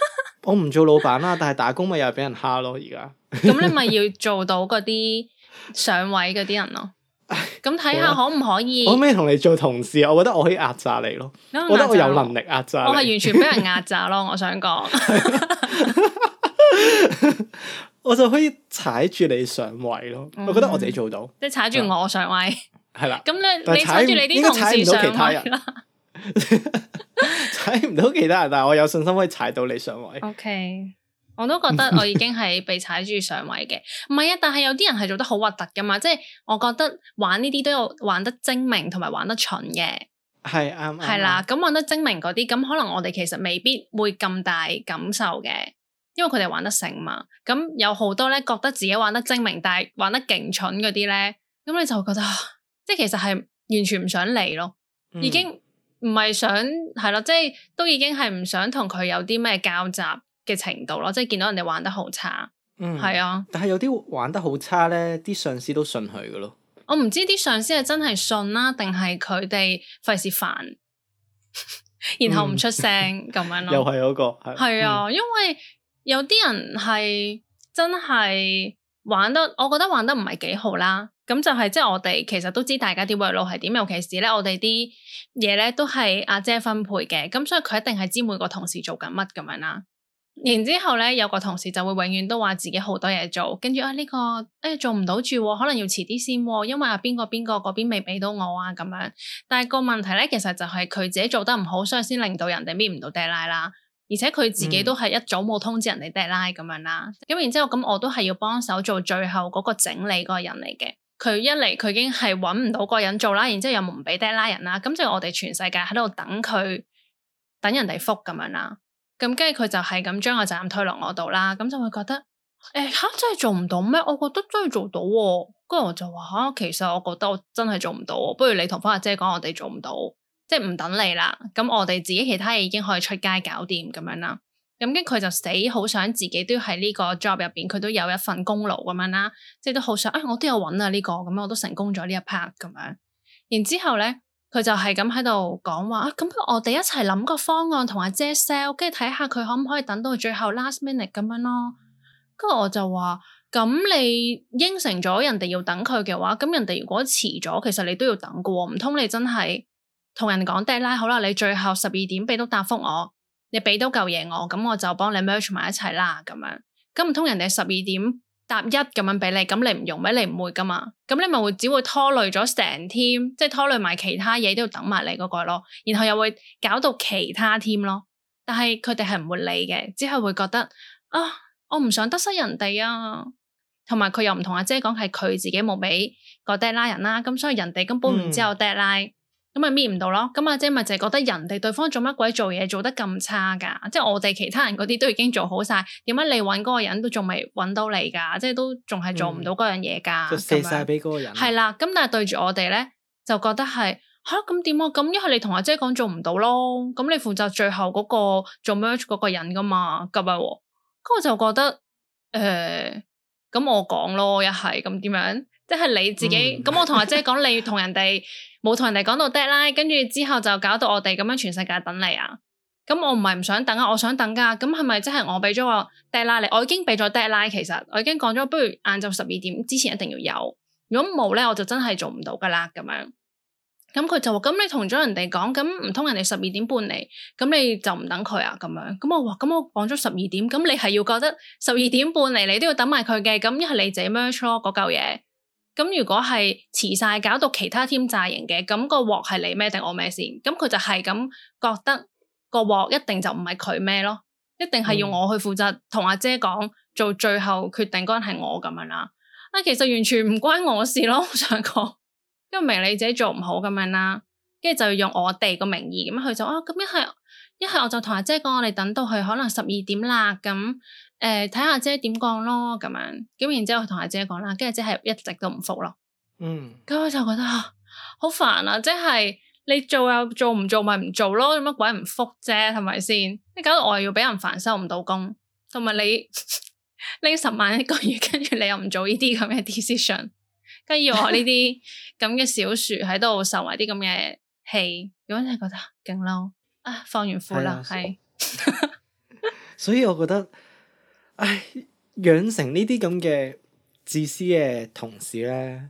我唔做老闆啦，但係打工咪又係俾人蝦咯，而家。咁你咪要做到嗰啲上位嗰啲人咯。咁睇下可唔可以？我未同你做同事，我覺得我可以壓榨你咯。我覺得我有能力壓榨你。我咪完全俾人壓榨咯，我想講。我就可以踩住你上位咯，我覺得我自己做到。即係踩住我上位。係啦。咁你你踩住你啲同事上位啦，踩唔到其他人，但係我有信心可以踩到你上位。OK。 我都覺得我已經係被踩住上位嘅，唔係啊！但係有啲人係做得好核突噶嘛，即係我覺得玩呢啲都有玩得精明同埋玩得蠢嘅，係啱。係啦，咁、嗯、玩得精明嗰啲，咁可能我哋其實未必會咁大感受嘅，因為佢哋玩得成嘛。咁有好多咧，覺得自己玩得精明，但係玩得勁蠢嗰啲咧，咁你就覺得、啊、即係其實係完全唔想理咯，已經唔係想係咯、嗯，即係都已經係唔想同佢有啲咩交集。嘅程度咯，即係見到人哋玩得好差，係、嗯、啊。但係有啲玩得好差咧，啲上司都信佢嘅咯。我唔知啲上司係真係信啦，定係佢哋費事煩，嗯、然後唔出聲咁、嗯、樣咯。又係嗰、個係、嗯、啊，因為有啲人係真係玩得，我覺得玩得唔係幾好啦。咁就係即係我哋其實都知大家啲位路係點，尤其是咧我哋啲嘢咧都係阿姐分配嘅，咁所以佢一定係知每個同事做緊乜咁樣啦。然之後咧，有個同事就會永遠都話自己好多嘢做，跟住啊呢、這個誒、哎、做唔到住，可能要遲啲先，因為邊、啊、個邊個嗰邊未俾到我啊咁樣。但係個問題咧，其實就係佢自己做得唔好，所以先令到人哋搣唔到 deadline 啦。而且佢自己都係一早冇通知人哋 deadline 咁樣啦。咁然之後咁，我都係要幫手做最後嗰個整理嗰個人嚟嘅。佢一嚟佢已經係搵唔到個人做啦，然之後又唔俾 deadline 人啦。咁即係我哋全世界喺度等佢等人哋覆咁樣啦。咁跟住佢就係咁將個責任推落我度啦，咁就會覺得誒吓，真係做唔到咩？我覺得真係做到喎、哦。跟住我就話吓，其實我覺得我真係做唔到，不如你同方日姐講，我哋做唔到，即係唔等你啦。咁我哋自己其他嘢已經可以出街搞掂咁樣啦。咁跟佢就死好想自己都喺呢個 job 入邊，佢都有一份功勞咁樣啦。即係都好想誒、哎，我都有搵啊呢個，咁我都成功咗呢一 part 咁樣。然之後咧。佢就係咁喺度講話，咁、啊、我哋一齊諗個方案同阿姐 sell，跟住睇下佢可唔可以等到最後 last minute 咁樣咯。跟住我就話，咁你應承咗人哋要等佢嘅話，咁人哋如果遲咗，其實你都要等㗎喎。唔通你真係同人講 deadline 好啦，你最後十二點俾到答覆我，你俾到嚿嘢我，咁我就幫你 merge 埋一齊啦咁樣。咁唔通人哋十二點，答一咁樣俾你，咁你唔用咩？你唔會噶嘛？咁你咪會只會拖累咗成 team，即係拖累埋其他嘢都要等埋你嗰個咯，然後又會搞到其他 team 咯。但係佢哋係唔會理嘅，只係會覺得啊，我唔想得失人哋啊，同埋佢又唔同阿姐講係佢自己冇俾個爹拉人啦，咁所以人哋根本唔知道爹拉。嗯咁咪搣唔到咯，咁、啊、阿姐咪就係覺得人哋對方做乜鬼做嘢做得咁差噶，即係我哋其他人嗰啲都已經做好晒，點解你揾嗰個人都仲未揾到你噶，即係都仲係做唔到嗰樣嘢噶，就、嗯、樣。泄曬俾嗰個人。係啦，咁但係對住我哋咧，就覺得係嚇咁點啊？咁因為你同阿、啊、姐講做唔到咯，咁你負責最後嗰、嗰個做 merge 嗰個人噶嘛，咁咪，咁我就覺得誒，咁、呃、我講咯，一係咁點樣？即係你自己咁，我同阿姐講，你同人哋冇同人哋講到 deadline，跟住之後就搞到我哋咁樣全世界等你啊！咁我唔係唔想等啊，我想等噶。咁係咪即係我俾咗個 deadline 你 de？我已經俾咗 deadline，其實我已經講咗，不如晏晝十二點之前一定要有。如果冇咧，我就真係做唔到噶啦咁樣。咁佢就話：咁你同咗人哋講，咁唔通人哋十二點半嚟，咁你就唔等佢啊？咁樣，咁我話：咁我講咗十二點，咁你係要覺得十二點半嚟，你都要等埋佢嘅。咁一係你自己 merge 咯，嗰嚿嘢。那個咁如果係遲晒搞到其他添債型嘅，咁、那個鑊係你孭定我孭先？咁佢就係咁覺得個鑊一定就唔係佢孭咯，一定係要我去負責，同阿姐講做最後決定嗰人係我咁樣啦。嗯、啊，其實完全唔關我事咯，我想講，因為明你自己做唔好咁樣啦，跟住就用我哋個名義咁，佢就話啊，咁一係一係我就同阿姐講，我哋等到佢可能十二點啦咁。誒，睇下、呃、姐點講咯，咁樣咁然之後同阿姐講啦，跟住姐係一直都唔覆咯。嗯，咁我就覺得好、啊、煩啊！即係你做又做唔做咪唔做咯，做乜鬼唔覆啫？係咪先？你搞到我又要俾人煩，收唔到工，同埋你呢十萬一個月，跟住你又唔做呢啲咁嘅 decision，跟住我呢啲咁嘅小薯喺度受埋啲咁嘅氣，咁真係覺得勁嬲啊，啊！放完負啦，係。所以我覺得。唉，養成呢啲咁嘅自私嘅同事咧，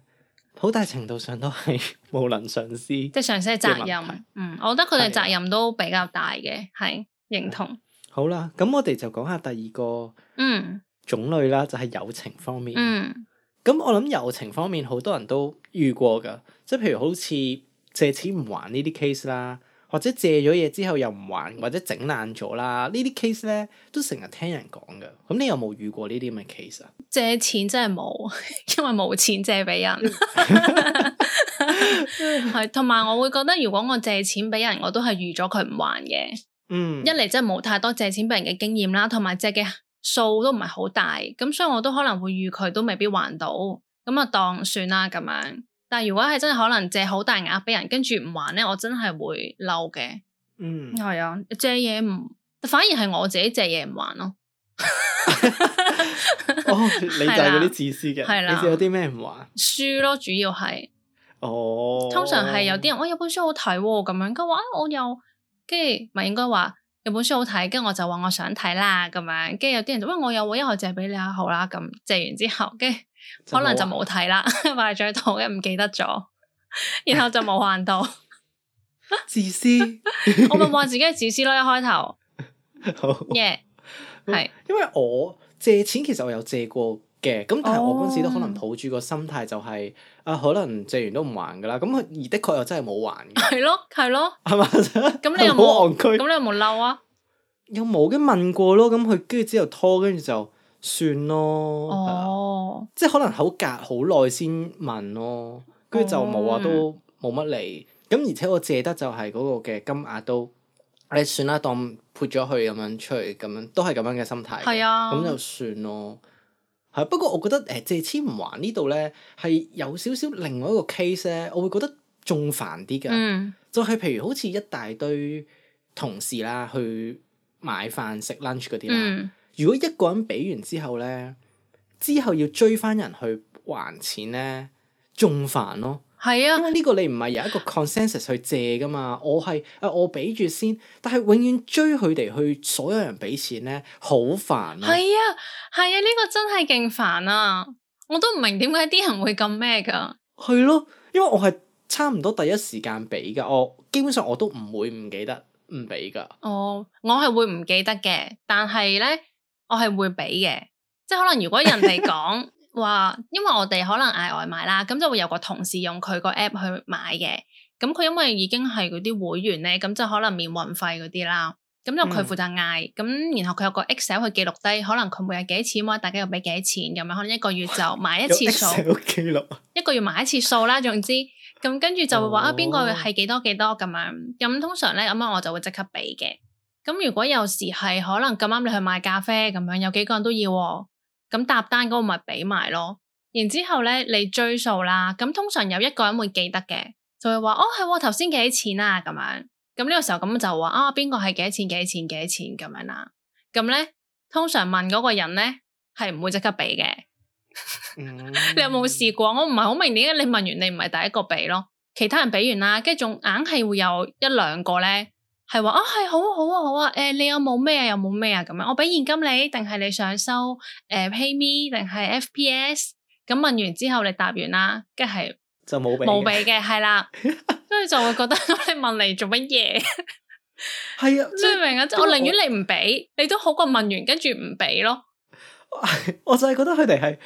好大程度上都係無能上司，即係上司嘅責任。嗯，我覺得佢哋責任都比較大嘅，係認同。好啦，咁我哋就講下第二個，嗯，種類啦，就係友情方面。嗯，咁我諗友情方面好多人都遇過噶，即係譬如好似借錢唔還呢啲 case 啦。或者借咗嘢之後又唔還，或者整爛咗啦，呢啲 case 咧都成日聽人講㗎。咁你有冇遇過呢啲咁嘅 case 啊？借錢真係冇，因為冇錢借俾人。係， 同埋我會覺得如果我借錢俾人，我都係預咗佢唔還嘅。嗯，一嚟真係冇太多借錢俾人嘅經驗啦，同埋借嘅數都唔係好大，咁所以我都可能會預佢都未必還到，咁啊當算啦咁樣。但係如果係真係可能借好大額俾人，跟住唔還咧，我真係會嬲嘅。嗯，係啊，借嘢唔，反而係我自己借嘢唔還咯。哦，你就嗰啲自私嘅。係啦。你借有啲咩唔還？書咯，主要係。哦。通常係有啲人，我有本書好睇，咁樣跟住我話我有，跟住咪應該話有本書好睇，跟住我就話我想睇啦，咁樣。跟住有啲人就，喂，我有，我可以借俾你啊，好啦，啊，咁借完之後，跟。可能就冇睇啦，或者套嘅唔記得咗，然後就冇還到。 自私， 我咪話自己係自私咯，一開頭。好耶，係因為我借錢其實我有借過嘅，咁但係我嗰陣時都可能抱住個心態就係，是、啊、oh. 呃，可能借完都唔還噶啦，咁而的確又真係冇還。係咯 的，係咯，係嘛？咁你有冇戇居？咁 你有冇嬲啊？又冇嘅問過咯，咁佢跟住之後拖，跟住就。算咯、oh.，即係可能好隔好耐先問咯，跟住、oh. 就冇話都冇乜嚟。咁、oh. 而且我借得就係嗰個嘅金額都，誒算啦，當潑咗佢咁樣出嚟，咁樣都係咁樣嘅心態。係啊，咁就算咯。係、oh. 不過我覺得誒借錢唔還呢度咧係有少少另外一個 case 咧，我會覺得仲煩啲㗎。Mm. 就係譬如好似一大堆同事啦，去買飯食 lunch 嗰啲啦。Mm. Mm. 如果一個人俾完之後咧，之後要追翻人去還錢咧，仲煩咯。係啊，因為呢個你唔係有一個 consensus 去借噶嘛，我係誒、啊、我俾住先，但係永遠追佢哋去所有人俾錢咧，好煩啊。係啊，係啊，呢、呢個真係勁煩啊！我都唔明點解啲人會咁咩噶。係咯、啊，因為我係差唔多第一時間俾噶，我基本上我都唔會唔記得唔俾噶。哦，我係會唔記得嘅，但係咧。我係會俾嘅，即係可能如果人哋講話，因為我哋可能嗌外賣啦，咁就會有個同事用佢個 app 去買嘅，咁佢因為已經係嗰啲會員咧，咁就可能免運費嗰啲啦，咁就佢負責嗌，咁、嗯、然後佢有個 excel 去記錄低，可能佢每日幾多錢，或者大家又俾幾多錢，咁咪可能一個月就買一次數，記錄，一個月買一次數啦， 總之，咁跟住就會話啊邊個係幾多幾多咁樣，咁、哦、通常咧咁樣我就會即刻俾嘅。咁如果有時係可能咁啱你去買咖啡咁樣，有幾個人都要，咁搭單嗰個咪俾埋咯。然後之後咧，你追數啦。咁通常有一個人會記得嘅，就會話哦係，頭先幾錢啊咁樣。咁呢個時候咁就話啊，邊個係幾錢幾錢幾錢咁樣啦。咁咧，通常問嗰個人咧，係唔會即刻俾嘅。 你有冇試過？我唔係好明點解。你問完你唔係第一個俾咯，其他人俾完啦，跟住仲硬係會有一兩個咧。係話啊，係好好啊，好啊。誒、欸，你有冇咩啊？有冇咩啊？咁樣我俾現金你，定係你想收誒、呃、PayMe，定係 FPS？咁問完之後，你答完啦，跟住就冇俾冇俾嘅係啦。跟住 就會覺得你問嚟做乜嘢？係啊，最明啊，我寧願你唔俾，你都好過問完跟住唔俾咯。 我就係覺得佢哋係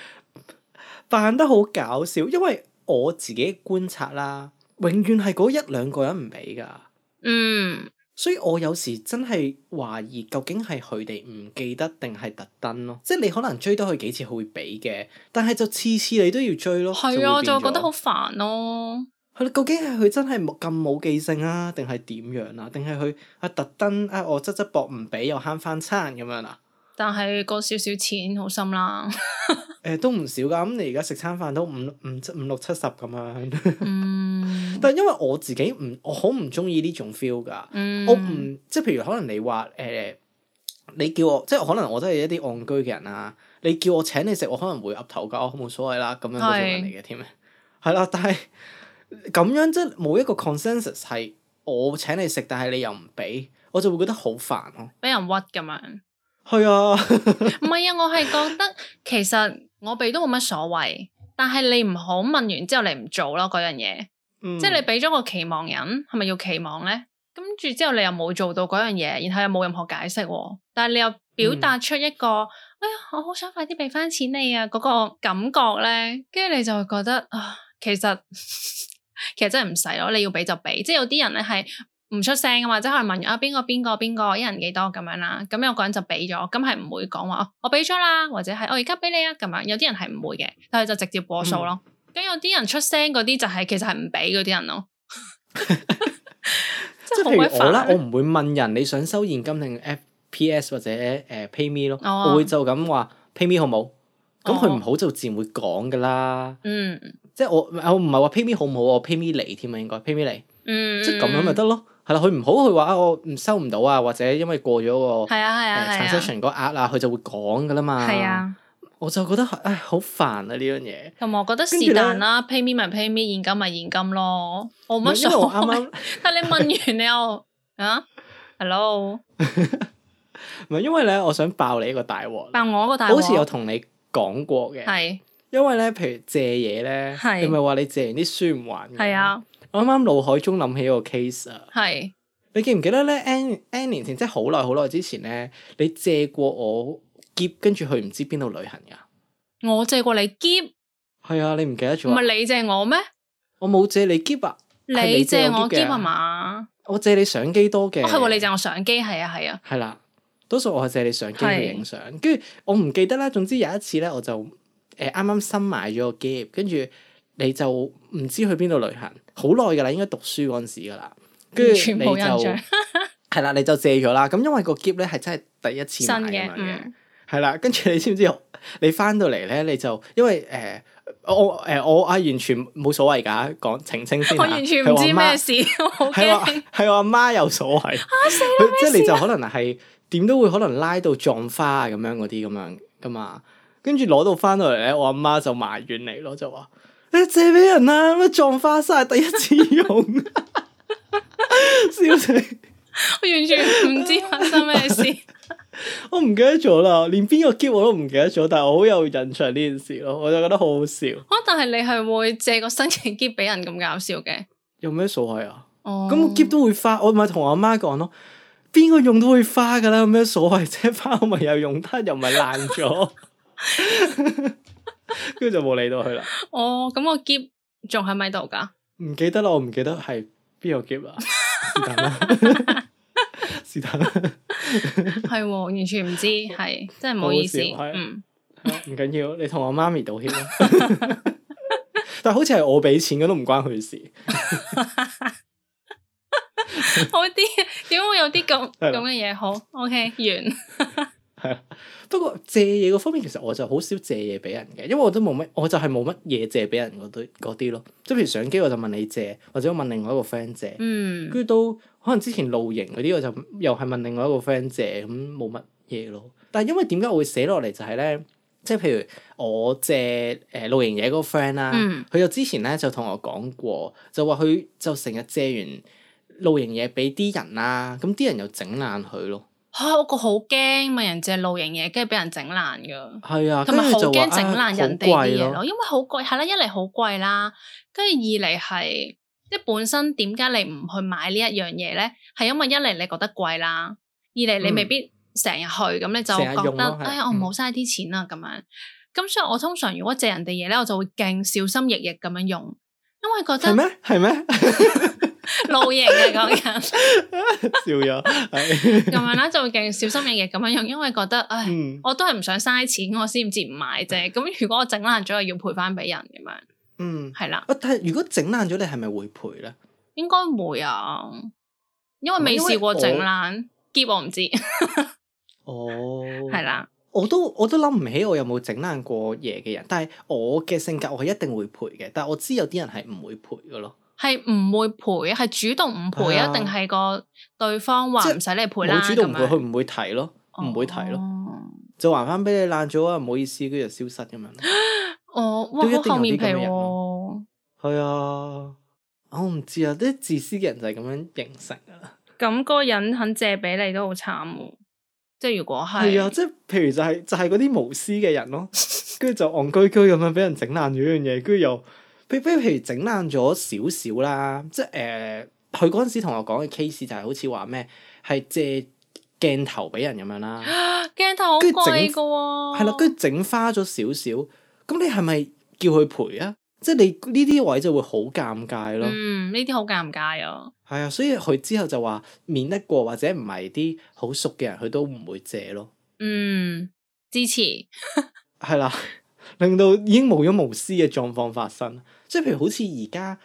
扮得好搞笑，因為我自己觀察啦，永遠係嗰一兩個人唔俾噶，嗯。所以我有時真係懷疑究竟係佢哋唔記得定係特登咯，即係你可能追多佢幾次佢會俾嘅，但係就次次你都要追咯，係啊，就會就覺得好煩咯、哦。係究竟係佢真係冇咁冇記性啊，定係點樣啊？定係佢啊特登啊我側側膊唔俾又慳翻餐咁樣啊？但係個少少錢，好心啦，誒，都唔少噶。咁你而家食餐飯都五五五六七十咁樣， 但係因為我自己唔，我好唔中意呢種 feel 噶。嗯、我唔即係，譬如可能你話誒、呃，你叫我即係，可能我都係一啲戇居嘅人啊。你叫我請你食，我可能會岌頭噶，我冇所謂啦。咁樣都係人嚟嘅添，係啦是。 但係咁樣即係冇一個 consensus 係我請你食，但係你又唔俾，我就會覺得好煩咯。俾人屈咁樣。係啊，唔係啊，我係覺得其實我俾都冇乜所謂，但係你唔好問完之後你唔做咯，嗰樣嘢，嗯、即係你俾咗個期望人係咪要期望咧？跟住之後你又冇做到嗰樣嘢，然後又冇任何解釋，但係你又表達出一個、嗯、哎呀，我好想快啲俾翻錢你啊嗰、個感覺咧，跟住你就會覺得啊，其實其實真係唔使咯，你要俾就俾，即係有啲人咧係。唔出聲啊，或者可能問人啊，邊個邊個邊個一人幾多咁樣啦，咁有個人就俾咗，咁係唔會講話哦，我俾咗啦，或者係我而家俾你啊咁樣，有啲人係唔會嘅，但係就直接過數咯。咁、嗯、有啲人出聲嗰啲就係其實係唔俾嗰啲人咯。 即係好鬼煩。我我唔會問人你想收現金定 F P S 或者誒 Pay me 咯，我會就咁話 Pay me 好唔好？咁佢唔好就自然會講噶啦。嗯，即係我我唔係話 Pay me 好唔好我 Pay me 嚟添啊，應該 Pay me 嚟。即係咁樣咪得咯。係啦，佢唔好佢話我唔收唔到啊，或者因為過咗個 transaction 個額啊，佢就會講噶啦嘛。係啊，我就覺得唉好煩啊呢樣嘢。同埋我覺得是但啦，pay me 咪 pay me，現金咪現金咯，冇乜數。但你問完你又啊，hello，唔係因為咧，我想爆你一個大鑊，爆我一個大鑊。好似有同你講過嘅，係因為咧，譬如借嘢咧，你咪話你借完啲書唔還。係啊。我啱啱腦海中諗起一個 case 啊是，係你記唔記得咧？N N 年前，即係好耐好耐之前咧，你借過我 Gear 跟住去唔知邊度旅行噶。我借過你 Gear？係啊，你唔記得咗？唔係你借我咩？我冇借你 Gear 啊，你借我 Gear 啊嘛？借我，我借你相機多嘅，係喎、哦，你借我相機係啊，係啊，係啦、啊，多數我係借你相機去影相，跟住是我唔記得啦。總之有一次咧，我就誒啱啱新買咗個 Gear 跟住。你就唔知去邊度旅行，好耐噶啦，應該讀書嗰陣時噶啦，跟住你就係啦， 你就借咗啦。咁因為個喼咧係真係第一次買嘅，係啦。跟、嗯、住你知唔知？你翻到嚟咧，你就因為誒、欸，我誒、欸、我啊完全冇所謂噶，講澄清先。我完全唔知咩事，我好驚。係我阿媽有所謂， 嚇死啦、即係你就可能係點都會可能拉到撞花啊，咁樣嗰啲咁樣噶嘛。跟住攞到翻到嚟咧，我阿媽就埋怨你咯，回回就話。你借俾人啦，乜撞花晒，第一次用，笑死！我完全唔知發生咩事， 我唔記得咗啦，連邊個篋我都唔記得咗，但係我好有印象呢件事咯，我就覺得好好笑。啊！但係你係會借個新嘅篋俾人咁搞笑嘅？有咩所謂啊？哦、嗯，咁篋都會花，我咪同阿媽講咯。邊個用都會花噶啦，有咩所謂啫？花咪又用得，又唔係爛咗。 跟住 就冇理到佢啦。哦、oh,，咁個喼仲喺咪度噶？唔記得啦，我唔記得係邊個喼啊。是、啊、 隨便吧笑但啦，係、 um, 啊、完全唔知，係真係唔好意思。嗯，唔緊要，你同我媽咪道歉啦。但係好似係我俾錢，咁都唔關佢事。好啲，點會有啲咁咁嘅嘢？好，OK，完。 係啊，不過 借嘢個方面其實我就好少借嘢俾人嘅，因為我都冇乜，我就係冇乜嘢借俾人嗰啲嗰啲咯。即係譬如相機，我就問你借，或者我問另外一個 friend 借。嗯。跟住到可能之前露營嗰啲，我就又係問另外一個 friend 借，咁冇乜嘢咯。但係因為點解我會寫落嚟就係咧，即、就、係、係、譬如我借誒露營嘢嗰個 friend 啦，佢、嗯、就之前咧就同我講過，就話佢就成日借完露營嘢俾啲人啦、啊，咁啲人又整爛佢咯。哦、我個好驚，問人借露營嘢，跟住俾人整爛㗎。係啊，咁咪好驚整爛人哋啲嘢咯，貴因為好貴，係啦，一嚟好貴啦，跟住二嚟係即係本身點解你唔去買呢一樣嘢咧？係因為一嚟你覺得貴啦，二嚟你未必成日去，咁、嗯、你就覺得哎呀，我冇嘥啲錢啊咁樣。咁、嗯、所以，我通常如果借人哋嘢咧，我就會勁小心翼翼咁樣用，因為覺得係咩？係咩？ 露營嘅，講緊笑咗，係咁樣啦，就勁小心翼翼咁樣樣，因為覺得，唉，嗯、我都係唔想嘥錢，我先唔知唔買啫。咁如果我整爛咗，我要賠翻俾人咁樣，嗯，係啦。但係如果整爛咗，你係咪會賠咧？應該唔會啊，因為未試過整爛，結我唔知。 哦，係啦我，我都我都諗唔起，我有冇整爛過嘢嘅人。但係我嘅性格，我係一定會賠嘅。但係我知有啲人係唔會賠嘅咯。係唔會賠啊？係主動唔賠啊？定係個對方話唔使你賠啦？主動唔賠，佢唔會提咯，唔會提咯，就還翻俾你爛咗啊！唔好意思，跟住就消失咁樣。哦，哇，好厚面皮喎！係啊，我唔知啊，啲自私嘅人就係咁樣形成噶啦。咁嗰個人肯借俾你都好慘，即係如果係啊，即係譬如就係就係嗰啲無私嘅人咯，跟住就戇居居咁樣俾人整爛咗樣嘢，跟住又。比譬如整爛咗少少啦，即係誒，佢嗰陣時同我講嘅 case 就係好似話咩，係借鏡頭俾人咁樣啦、啊，鏡頭好貴嘅喎、哦，係啦，跟住整花咗少少，咁你係咪叫佢賠啊？即係你呢啲位就會好尷尬咯，嗯，呢啲好尷尬哦、啊，係啊，所以佢之後就話免得過或者唔係啲好熟嘅人，佢都唔會借咯，嗯，支持，係 啦，令到已經無咗無，無私嘅狀況發生。即係譬如好似而家，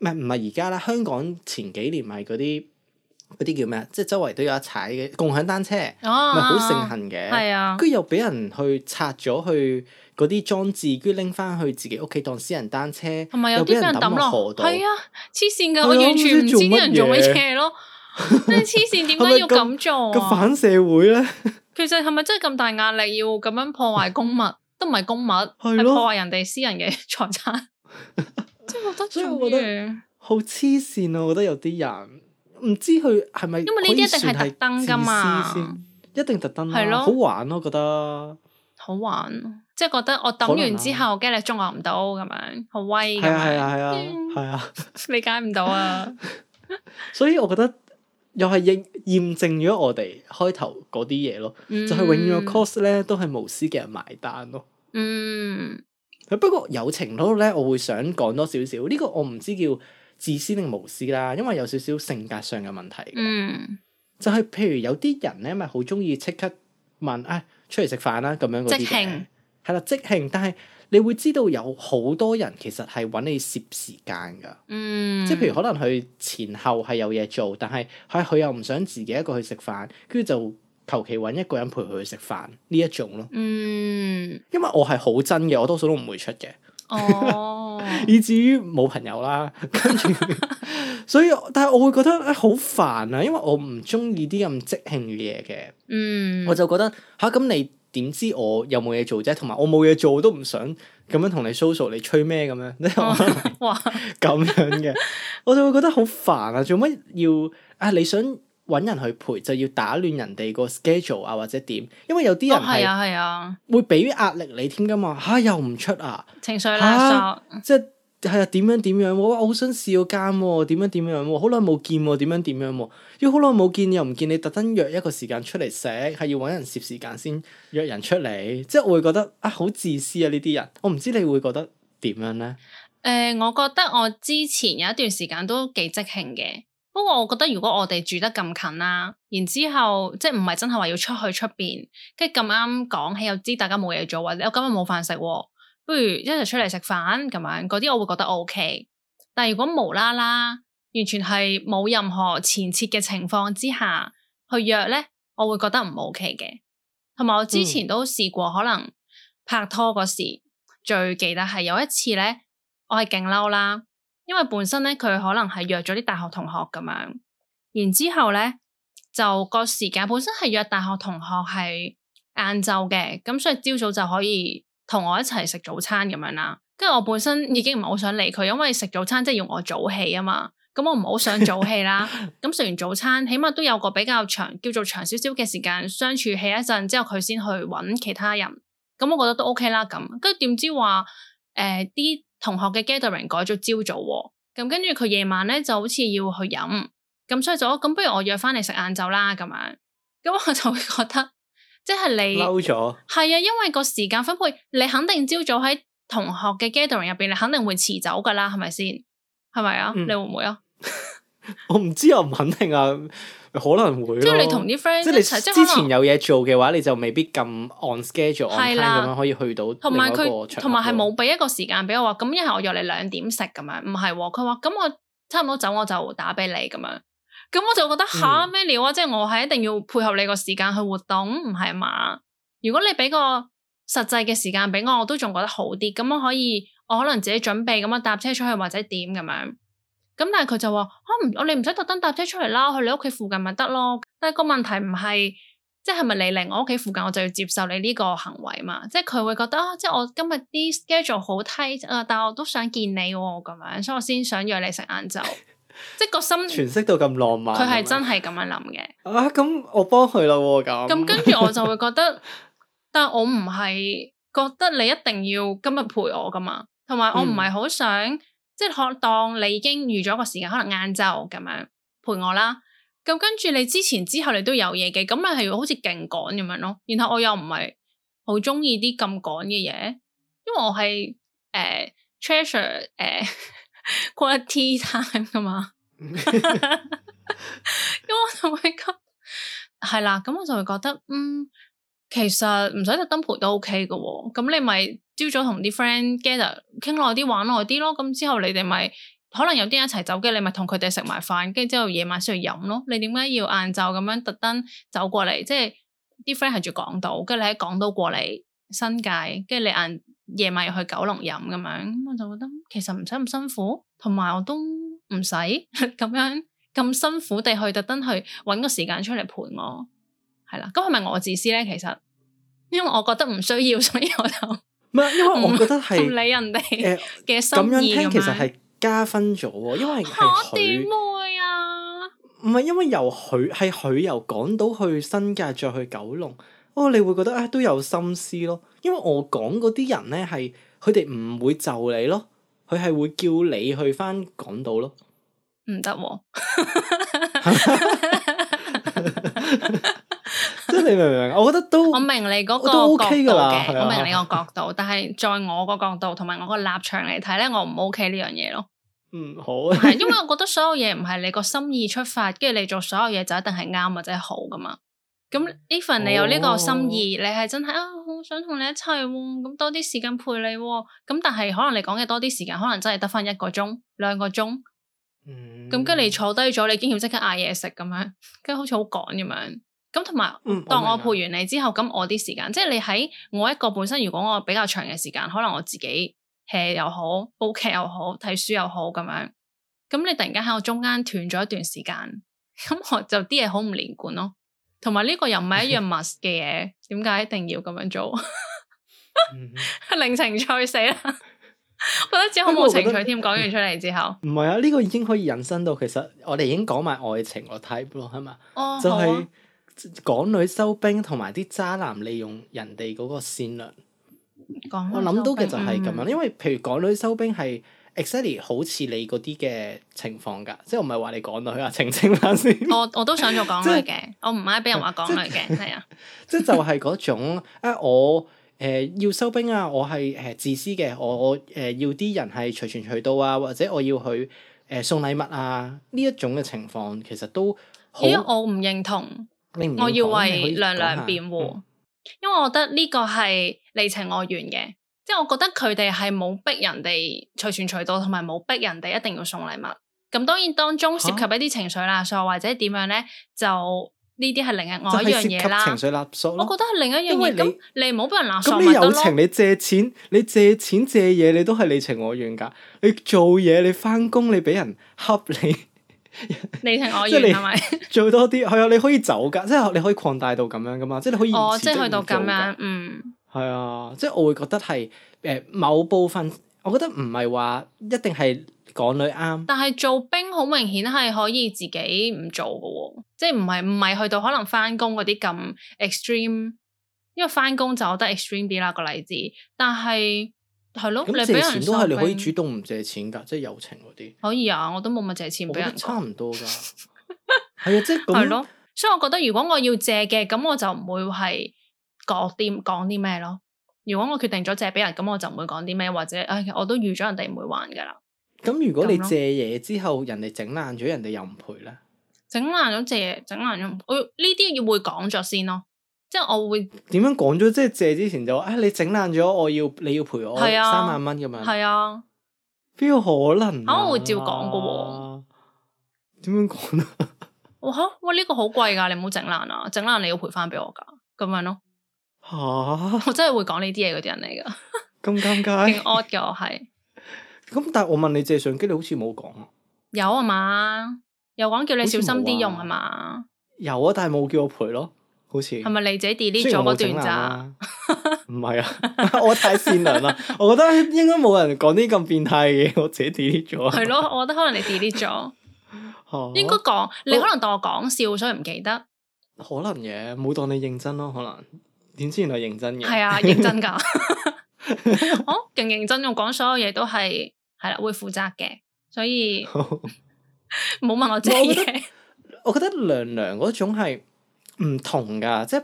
唔係唔係而家啦。香港前幾年咪嗰啲嗰啲叫咩？即係周圍都有一踩嘅共享單車，咪好盛行嘅。係啊，跟住又俾人去拆咗去嗰啲裝置，跟住拎翻去自己屋企當私人單車，同埋有啲人抌落河度。係啊，黐線㗎，我完全唔知啲人做咩嘢咯。真係黐線，點解要咁做？咁反社會咧？其實係咪真係咁大壓力要咁樣破壞公物？都唔係公物，係破壞人哋私人嘅財產。即係冇得做得咯好黐線啊！我覺得有啲人唔知佢係咪，因為呢啲一定係特登噶嘛，一定特登，好玩咯，覺得好玩，即係覺得我抌完之後，驚、啊、你中我唔到咁樣，好威咁樣，係啊係啊係啊，理解唔到啊！啊啊 啊 所以我覺得又係驗證咗我哋開頭嗰啲嘢咯，嗯、就係永遠 course 咧都係無私嘅人埋單咯，嗯。佢不過友情度咧，我會想講多少少呢個，我唔知叫自私定無私啦，因為有少少性格上嘅問題。嗯，就係譬如有啲人咧，咪好中意即刻問啊、哎、出嚟食飯啦咁樣嗰啲嘅，係啦即興，即興。但係你會知道有好多人其實係揾你攝時間噶。嗯，即係譬如可能佢前後係有嘢做，但係係佢又唔想自己一個去食飯，跟住就，求其揾一個人陪佢去食飯呢一種咯，嗯，因為我係好真嘅，我多數都唔會出嘅，哦， 以至於冇朋友啦，跟住， 所以但係我會覺得好、哎、煩啊，因為我唔中意啲咁即興嘅嘢嘅，嗯，我就覺得吓，咁、啊、你點知我有冇嘢做啫，同埋我冇嘢做都唔想咁樣同你 so 你吹咩咁樣，哇，咁樣嘅，我就會覺得好煩啊，做乜要啊你想？啊你想搵人去陪就要打亂人哋個 schedule 啊，或者點？因為有啲人係啊，係啊，會俾壓力你添噶嘛，吓，又唔出啊，情緒勒索，即係係啊，點樣點樣，啊？我好想試嗰間，點樣點樣，啊？好耐冇見，點樣點樣？因為好耐冇見，又唔見你特登約一個時間出嚟食，係要搵人攝時間先約人出嚟，即係我會覺得啊，好自私啊呢啲人。我唔知你會覺得點樣咧？誒、呃，我覺得我之前有一段時間都幾即興嘅。不過我覺得，如果我哋住得咁近啦，然之後即係唔係真係話要出去出邊，跟住咁啱講起又知大家冇嘢做，或者我今日冇飯食，不如一齊出嚟食飯咁樣，嗰啲我會覺得 O K。但係如果無啦啦，完全係冇任何前設嘅情況之下去約咧，我會覺得唔 O K 嘅。同埋我之前都試過，嗯、可能拍拖嗰時最記得係有一次咧，我係勁嬲啦。因為本身咧佢可能係約咗啲大學同學咁樣，然之後咧就個時間本身係約大學同學係晏晝嘅，咁、嗯、所以朝早就可以同我一齊食早餐咁樣啦。跟住我本身已經唔係好想理佢，因為食早餐即係用我早起啊嘛，咁、嗯、我唔係好想早起啦。咁、嗯、食完早餐起碼都有個比較長叫做長少少嘅時間相處起一陣之後佢先去搵其他人，咁、嗯、我覺得都 OK 啦。咁跟住點知話誒啲，呃同學嘅 gathering 改咗朝早，咁跟住佢夜晚咧就好似要去飲，咁所以就咁不如我約翻嚟食晏晝啦，咁樣，咁我就會覺得，即係你嬲咗，係啊，因為個時間分配，你肯定朝早喺同學嘅 gathering 入邊，你肯定會遲走噶啦，係咪先？係咪啊？嗯、你會唔會啊？ 我唔知啊，唔肯定啊。可能會，即係你同啲 friend 即係可能之前有嘢做嘅話， 你就未必咁 on schedule 的 on time 咁樣可以去到同埋佢，同埋係冇俾一個時間俾我話，咁一係我約你兩點食咁樣，唔係喎，佢話咁我差唔多走我就打俾你咁樣，咁我就覺得吓咩料啊！即係我係一定要配合你個時間去活動，唔係嘛？如果你俾個實際嘅時間俾我，我都仲覺得好啲，咁我可以我可能自己準備，咁我搭車出去或者點咁樣。咁但係佢就話，啊唔我哋唔使特登搭車出嚟啦，我去你屋企附近咪得咯。但係個問題唔係即係咪你嚟我屋企附近我就要接受你呢個行為嘛？即係佢會覺得、啊、即係我今日啲 schedule 好 tight 啊，但係我都想見你咁、啊、樣，所以我先想約你食晏晝。即係個心詮釋 到咁浪漫，佢係真係咁樣諗嘅。啊，咁我幫佢啦喎，咁跟住我就會覺得， 但我唔係覺得你一定要今日陪我噶嘛，同埋我唔係好想。即係學，當你已經預咗個時間，可能晏晝咁樣陪我啦。咁跟住你之前之後你都有嘢嘅，咁咪係好似勁趕咁樣咯。然後我又唔係好中意啲咁趕嘅嘢，因為我係誒、呃、treasure 誒、呃、quality time 噶嘛。咁我就會覺係啦，咁我就會覺得嗯。其實唔使特登陪都 OK 嘅，咁你咪朝早同啲 friend gather 傾耐啲玩耐啲咯，咁之後你哋咪可能有啲人一齊走，嘅，你咪同佢哋食埋飯，跟住之後夜晚先嚟飲咯。你點解要晏晝咁樣特登走過嚟？即係啲 friend 係住港島，跟住你喺港島過嚟新界，跟住你晏夜晚又去九龍飲咁樣，我就覺得其實唔使咁辛苦，同埋我都唔使咁樣咁辛苦地去特登去搵個時間出嚟陪我。係啦，咁係咪我自私咧？其實，因為我覺得唔需要，所以我就唔係，因為我覺得係唔理人哋嘅心。咁樣聽其實係加分咗喎，因為係我點會啊？唔係，因為由佢係佢由港島去新界再去九龍，哦，你會覺得啊、哎、都有心思咯。因為我講嗰啲人咧係，佢哋唔會就你咯，佢係會叫你去返港島咯。唔得。即你明唔明？我覺得都我明你嗰個、OK、角度嘅，的我明你個角度。但係在我個角度同埋我個立場嚟睇咧，我唔 OK 呢樣嘢咯。嗯，好。係因為我覺得所有嘢唔係你個心意出發，跟住你做所有嘢就一定係啱或者係好噶嘛。咁 even 你有呢個心意，哦、你係真係啊，好想同你一齊，咁多啲時間陪你。咁但係可能你講嘅多啲時間，可能真係得翻一個鐘、兩個鐘。嗯。咁跟住你坐低咗，你竟然要即刻嗌嘢食咁樣，跟住好似好趕咁樣。咁同埋，當我陪完你之後，咁、嗯、我啲時間，即係你喺我一個本身，如果我比較長嘅時間，可能我自己 hea 又好，煲劇又好，睇書又好咁樣。咁你突然間喺我中間斷咗一段時間，咁我就啲嘢好唔連貫咯。同埋呢個又唔係一樣 must 嘅嘢，點解 一定要咁樣做？ 令情趣死啦！ 好好我覺得自己好冇情趣添。講完出嚟之後，唔係啊，呢、這個已經可以引申到，其實我哋已經講埋愛情個 type 咯，係嘛？就係、是。 港女收兵同埋啲渣男利用人哋嗰個善良，我諗到嘅就係咁樣，嗯、因為譬如港女收兵係 exactly 好似你嗰啲嘅情況噶，即係我唔係話你港女啊，澄清翻先。我我都想做港女嘅，我唔係俾人話港女嘅，係、呃、啊。即係就係嗰種啊，我誒要收兵啊，我係誒自私嘅，我我誒、呃、要啲人係隨傳隨，隨，隨到啊，或者我要去誒、呃、送禮物啊呢一種嘅情況，其實都好，我唔認同。 我要為娘娘辯護，嗯、因為我覺得呢個係你情我願嘅，即、就、係、是、我覺得佢哋係冇逼人哋隨傳隨到，同埋冇逼人哋一定要送禮物。咁當然當中涉及一啲情緒勒索或者點樣咧，啊、就呢啲係另外一樣嘢啦。情緒勒索，我覺得係另一樣嘢。咁你唔好俾人勒索咪得咯，你友情你借錢，你借錢借嘢你都係你情我願噶。你做嘢你翻工，你俾人恰你。 你聽我言係咪？ 做多啲係 啊，你可以走噶，即係你可以擴大到咁樣噶嘛，即係你可以哦，即係去到咁樣，嗯，係啊，即係我會覺得係誒、呃，某部分，我覺得唔係話一定係港女啱，但係做兵好明顯係可以自己唔做噶、哦，即係唔係唔係去到可能翻工嗰啲咁 extreme，因為翻工就覺得 extreme 啲啦、個例子，但係。係咯，你俾人錢都係你可以主動唔借錢噶，即係友情嗰啲。可以啊，我都冇乜借錢俾人。差唔多噶，係啊， 即係咁咯。所以我覺得如果我要借嘅，咁我就唔會係講啲講啲咩咯。如果我決定咗借俾人，咁我就唔會講啲咩，或者誒、哎，我都預咗人哋唔會還噶啦。咁如果你借嘢之後，人哋整爛咗，人哋又唔賠咧？整爛咗借，整爛咗，我呢啲要會講咗先咯。即係我會點樣講咗？即係借之前就話啊、哎，你整爛咗，我要你要賠我三萬蚊咁、啊、樣。係啊 f 有 e l 可能吓我會照講噶喎。點樣講啊？我吓喂呢個好貴噶，你唔好整爛啊！整爛你要賠翻俾我噶，咁樣咯。吓、啊，我真係會講呢啲嘢嗰啲人嚟噶，咁尷尬。odd 嘅 我係。咁但係我問你借相機，你好似冇講有啊嘛，有講叫你小心啲用啊嘛。有啊吧，但係冇叫我賠咯。好似係咪你自己 delete 咗嗰段咋？唔係 啊， 我太善良啦。 我覺得應該冇人講啲咁變態嘅嘢，我自己 delete 咗。係咯，我覺得可能你 delete 咗。 應該講說我你可能當我講笑，所以唔記得。可能嘅，冇當你認真咯。可能點知原來認真嘅。係啊，認真㗎。我勁、 哦、認真，我講所有嘢都係係啦，會負責嘅，所以冇問 我自己嘅。我覺得娘娘嗰種係。唔同噶，即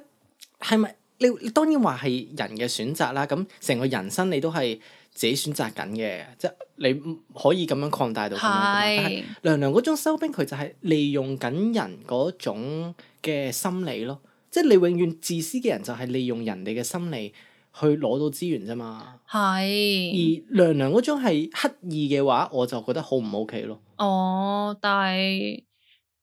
係咪？你當然話係人嘅選擇啦。咁成個人生你都係自己選擇緊嘅，即係你可以咁樣擴大到。係是。但係娘娘嗰種收兵，佢就係利用緊人嗰種嘅心理咯。即係你永遠自私嘅人，就係利用人哋嘅心理去攞到資源啫嘛。係是。而娘娘嗰種係刻意嘅話，我就覺得好唔 OK 咯。哦，但係。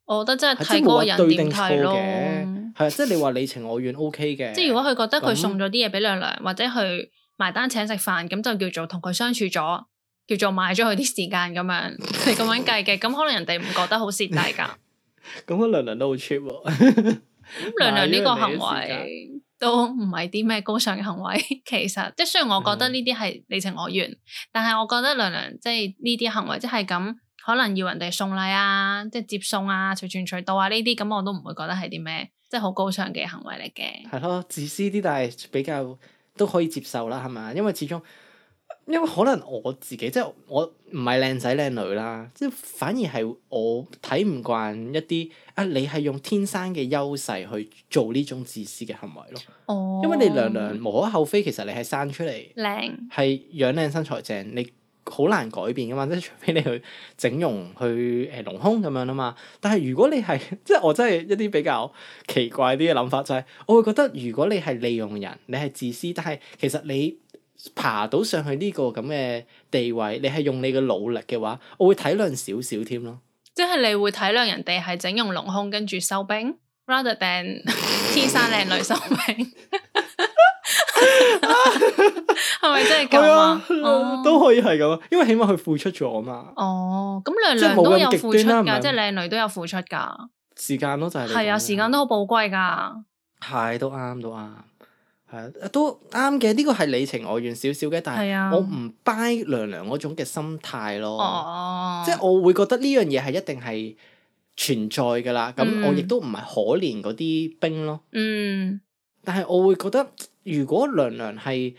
我覺得真係睇個人點睇咯，係啊，即係你話你情我願 OK 嘅。即係如果佢覺得佢送咗啲嘢俾娘娘，嗯、或者去埋單請食飯，咁就叫做同佢相處咗，叫做買咗佢啲時間咁樣，係咁 樣計嘅。咁可能人哋唔覺得好蝕底噶。咁阿 娘娘都好 cheap 喎。咁 娘娘呢個行為都唔係啲咩高尚嘅行為。其實即係雖然我覺得呢啲係你情我願，嗯、但係我覺得娘娘，即係呢啲行為即係咁。可能要人哋送禮啊，即係接送啊，隨傳隨到啊呢啲，咁我都唔會覺得係啲咩，即係好高尚嘅行為嚟嘅。係咯，自私啲，但係比較都可以接受啦，係嘛？因為始終，因為可能我自己即係我唔係靚仔靚女啦，即係反而係我睇唔慣一啲啊，你係用天生嘅優勢去做呢種自私嘅行為咯。哦，因為你娘娘無可厚非，其實你係生出嚟靚，係樣靚身材正，你。好難改變噶嘛，即係除非你去整容去誒隆胸咁樣啊嘛。但係如果你係即係我真係一啲比較奇怪啲嘅諗法，就是，就係我會覺得如果你係利用人，你係自私，但係其實你爬到上去呢個咁嘅地位，你係用你嘅努力嘅話，我會體諒少少添咯。即係你會體諒人哋係整容隆胸跟住收兵，rather than 天生靚女收兵。 係咪真係咁啊？都可以係咁，因為起碼佢付出咗嘛。哦，咁娘娘都有付出噶，即係靚女都有付出噶。時間咯，就係，係啊，時間都好寶貴噶。係都啱，都啱，係都啱嘅。呢個係你情我願少少嘅，但係我唔 buy 娘娘嗰種嘅心態咯。哦，即係我會覺得呢樣嘢係一定係存在噶啦。咁我亦都唔係可憐嗰啲兵咯。嗯，但係我會覺得。如果娘娘係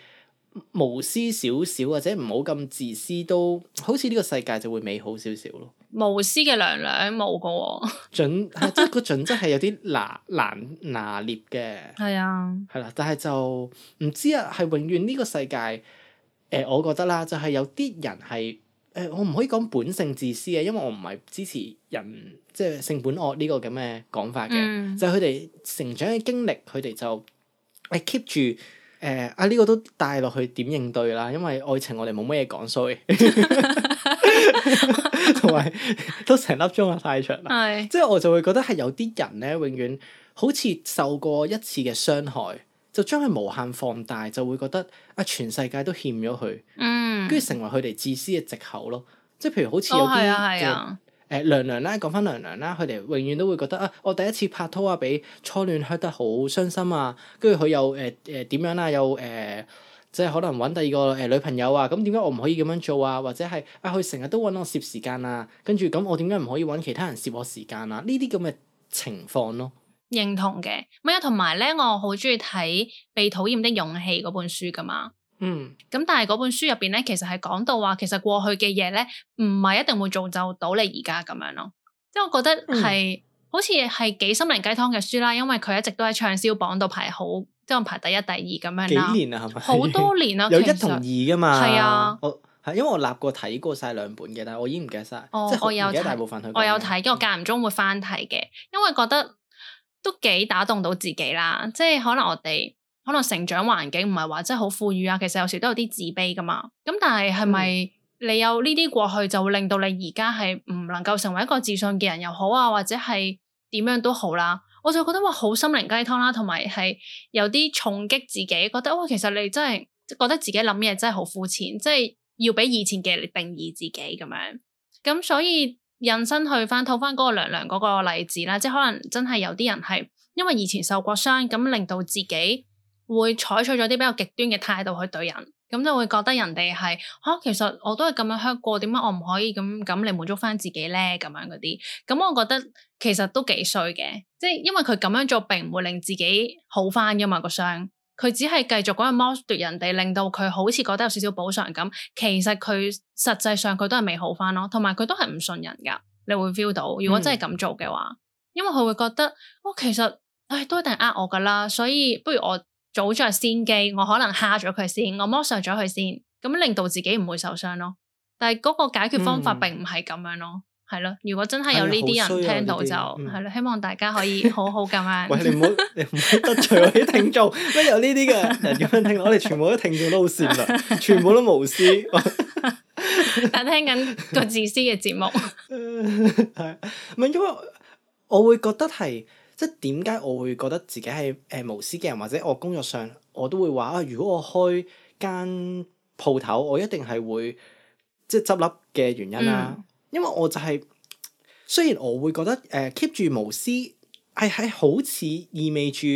無私少少或者唔好咁自私，都好似呢個世界就會美好少少咯。無私嘅娘娘冇個喎準，即係個準則係有啲難難拿捏嘅。係啊，係啦，但係就唔知啊，係永遠呢個世界，誒、呃，我覺得啦，就係、是、有啲人係誒、呃，我唔可以講本性自私嘅，因為我唔係支持人即係、就是、性本惡呢個咁嘅講法嘅，嗯、就佢哋成長嘅經歷，佢哋就。誒 keep 住誒啊，呢個都帶落去點應對啦，因為愛情我哋冇乜嘢講，所以同埋都成粒鐘啊，太長啦。係，即係我就會覺得係有啲人咧，永遠好似受過一次嘅傷害，就將佢無限放大，就會覺得啊全世界都欠咗佢，嗯，跟住成為佢哋自私嘅藉口咯。即係譬如好似有啲嘅、哦。誒娘娘啦，講翻娘娘啦，佢哋永遠都會覺得啊，我第一次拍拖啊，俾初戀 hurt 得好傷心啊，跟住佢又誒誒點樣啦、啊，又誒、呃，即係可能揾第二個誒、呃、女朋友啊，咁點解我唔可以咁樣做啊？或者係啊，佢成日都揾我攝時間啊，跟住咁我點解唔可以揾其他人攝我時間啊？呢啲咁嘅情況咯。認同嘅，咁啊同埋咧，我好中意睇《被討厭的勇氣》嗰本書噶嘛。嗯，咁但係嗰本書入邊咧，其實係講到話，其實過去嘅嘢咧，唔係一定會造就到你而家咁樣咯。即係我覺得係好似係幾心靈雞湯嘅書啦，因為佢一直都喺暢銷榜度排好，即係排第一、第二咁樣啦。幾年啦，係咪？好多年啦，有一同二噶嘛？係啊，我係因為我立過睇過晒兩本嘅，但係我已經唔記得晒。哦，我有睇，我有睇，因為間唔中會翻睇嘅，因為覺得都幾打動到自己啦。即係可能我哋。可能成長環境唔係話真係好富裕啊，其實有時都有啲自卑噶嘛。咁但係係咪你有呢啲過去就會令到你而家係唔能夠成為一個自信嘅人又好啊，或者係點樣都好啦？我就覺得話好心靈雞湯啦，同埋係有啲重擊自己，覺得哇、哦，其實你真係覺得自己諗嘢真係好膚淺，即係要俾以前嘅定義自己咁樣。咁所以人生去翻，套翻嗰個娘娘嗰個例子啦，即係可能真係有啲人係因為以前受過傷，咁令到自己。會採取咗啲比較極端嘅態度去對人，咁就會覺得人哋係嚇，其實我都係咁樣 hurt 過，點解我唔可以咁咁嚟滿足翻自己咧？咁樣嗰啲，咁我覺得其實都幾衰嘅，即係因為佢咁樣做並唔會令自己好翻噶嘛、嗰個傷，佢只係繼續嗰樣剝奪人哋，令到佢好似覺得有少少補償咁，其實佢實際上佢都係未好翻咯，同埋佢都係唔信人噶，你會 feel 到，如果真係咁做嘅話，嗯、因為佢會覺得我、哦、其實唉都一定呃我噶啦，所以不如我。早着先機，我可能蝦咗佢先，我剝削咗佢先，咁令到自己唔會受傷咯。但係嗰個解決方法並唔係咁樣咯，係咯、嗯。如果真係有呢啲人聽到就係咯，希望大家可以好好咁樣。 喂，你唔好你唔好得罪我啲聽眾，乜 有呢啲嘅人噉樣聽？我哋全部都聽眾都好善良， 全部都無私， 但聽緊個自私嘅節目。唔咪 因為我會覺得係。即係點解我會覺得自己係誒、呃、無私嘅人，或者我工作上我都會話啊！如果我開間鋪頭，我一定係會即係執笠嘅原因啦、啊。嗯、因為我就係、是、雖然我會覺得誒 keep 住無私，係係好似意味住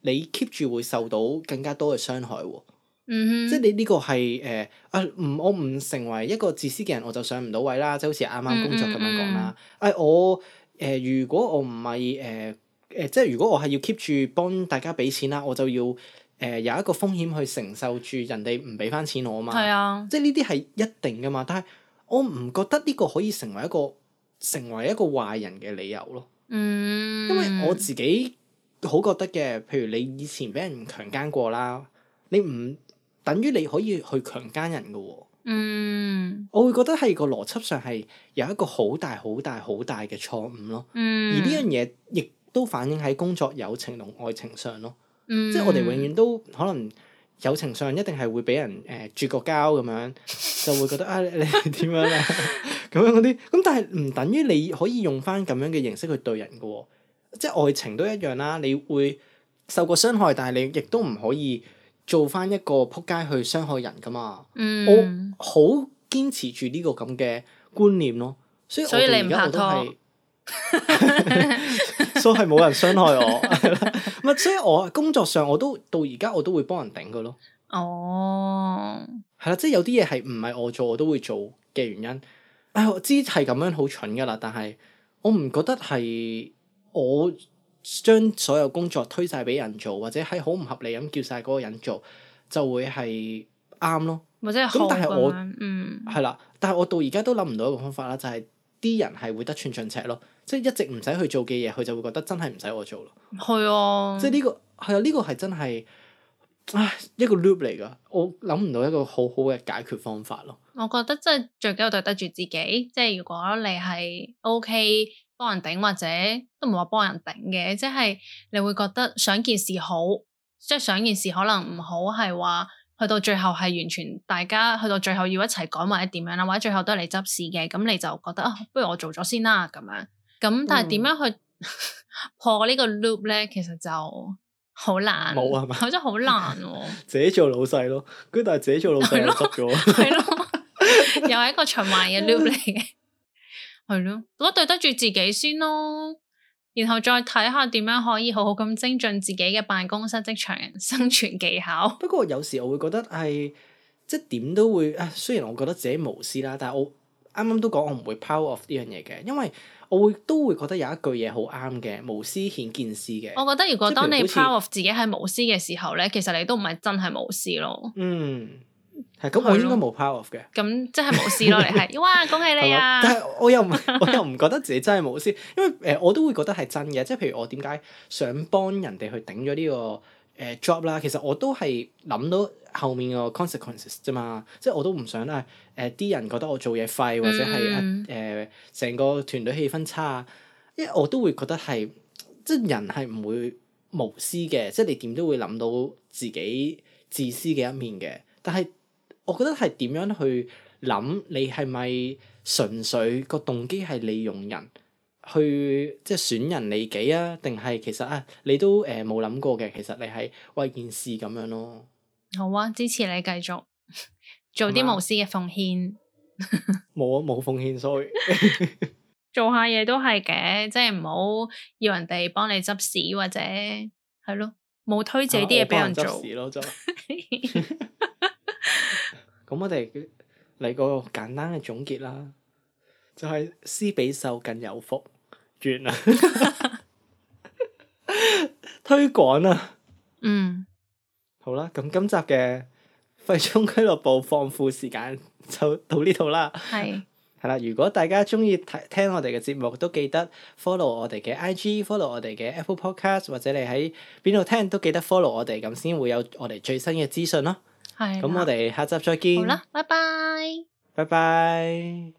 你 keep 住會受到更加多嘅傷害喎、啊。嗯、哼即係你呢個係誒、呃、啊唔我唔成為一個自私嘅人，我就上唔到位啦。即係好似啱啱工作咁樣講啦。誒、嗯嗯啊、我誒、呃、如果我唔係誒。呃誒、呃，即係如果我係要 keep 住幫大家俾錢啦，我就要誒、呃、有一個風險去承受住人哋唔俾翻錢我嘛，係啊，即係呢啲係一定噶嘛。但係我唔覺得呢個可以成為一個成為一個壞人嘅理由咯。嗯，因為我自己好覺得嘅，譬如你以前俾人強姦過啦，你唔等於你可以去強姦人噶喎。嗯，我會覺得係個邏輯上係有一個好大好大好大嘅錯誤咯。嗯、而呢樣嘢亦。都反映喺工作、友情同愛情上咯，嗯、即係我哋永遠都可能友情上一定係會俾人誒、呃、絕過交咁樣，就會覺得啊、 哎、你點樣啊咁 樣嗰啲，咁但係唔等於你可以用翻咁樣嘅形式去對人噶，即係愛情都一樣啦。你會受過傷害，但係你亦都唔可以做翻一個撲街去傷害人噶嘛。嗯、我好堅持住呢個咁嘅觀念咯，所以所以你唔拍拖。 所以係冇人傷害我，唔係，所以我工作上我都到而家我都會幫人頂佢咯。哦，係啦，即係有啲嘢係唔係我做我都會做嘅原因。哎，我知係咁樣好蠢噶啦，但係我唔覺得係我將所有工作推晒俾人做，或者係好唔合理咁叫晒嗰個人做，就會係啱咯。或者咁，但係我，嗯，係啦，但係我到而家都諗唔到一個方法啦，就係啲人係會得寸進尺咯。即係一直唔使去做嘅嘢，佢就會覺得真係唔使我做咯。係啊， 即係、呢、呢個係啊，呢、呢個係真係唉一個 loop 嚟㗎。我諗唔到一個好好嘅解決方法咯。我覺得真係最緊要對得住自己。即係如果你係 OK 幫人頂或者都唔係話幫人頂嘅，即係你會覺得想件事好，即係想件事可能唔好係話去到最後係完全大家去到最後要一齊講或者點樣啦，或者最後都係你執事嘅，咁你就覺得啊，不如我做咗先啦咁樣。.咁但係點樣去破呢個 loop 咧？其實就好難，冇係嘛？我真係好難、啊， 自己做老細咯，跟住係自己做老細，唔得咗，係咯，又係一個循環嘅 loop 嚟嘅，係 咯，我對得住自己先咯，然後再睇下點樣可以好好咁精進自己嘅辦公室職場生存技巧。不過有時我會覺得係即係點都會啊，雖然我覺得自己無私啦，但係我。啱啱都講我唔會 power of 呢樣嘢嘅，因為我會都會覺得有一句嘢好啱嘅，無私顯見私嘅。我覺得如果當你，你 power of 自己係無私嘅時候咧，其實你都唔係真係無私咯。嗯，係咁、嗯、的的我應該冇 power of 嘅。咁即係無私咯， 你係哇恭喜你啊！但係我又我又唔覺得自己真係無私，因為誒、呃、我都會覺得係真嘅，即係譬如我點解想幫人哋去頂咗呢個。誒 job 啦，uh, Drop，其實我都係諗到後面個 consequences 啫嘛。即係我都唔想啊誒啲、呃、人覺得我做嘢廢或者係誒成個團隊氣氛差，因為我都會覺得係即係人係唔會無私嘅，即係你點都會諗到自己自私嘅一面嘅，但係我覺得係點樣去諗，你係咪純粹個動機係利用人？去即係損人利己啊？定係其實啊，你都誒冇諗過嘅。其實你係為件事咁樣咯。好啊，支持你繼續做啲無私嘅奉獻。冇啊是，冇 奉獻，sorry 做下嘢都係嘅，即係唔好要，要人哋幫你執屎或者係咯，冇推自己啲嘢俾人做。咁、啊、我哋嚟 個簡單嘅總結啦，就係、是、施比受更有福。轉呀！完 推廣啊了，嗯，好啦，咁今集嘅廢中俱樂部放負時間就到呢度啦。係係啦，如果大家中意聽我哋嘅節目，都記得 follow 我哋嘅 IG，follow 我哋嘅 Apple Podcast，或者你喺邊度聽都記得 follow 我哋，咁先會有我哋最新嘅資訊咯。係的，咁我哋下集再見。好啦，拜拜，拜拜。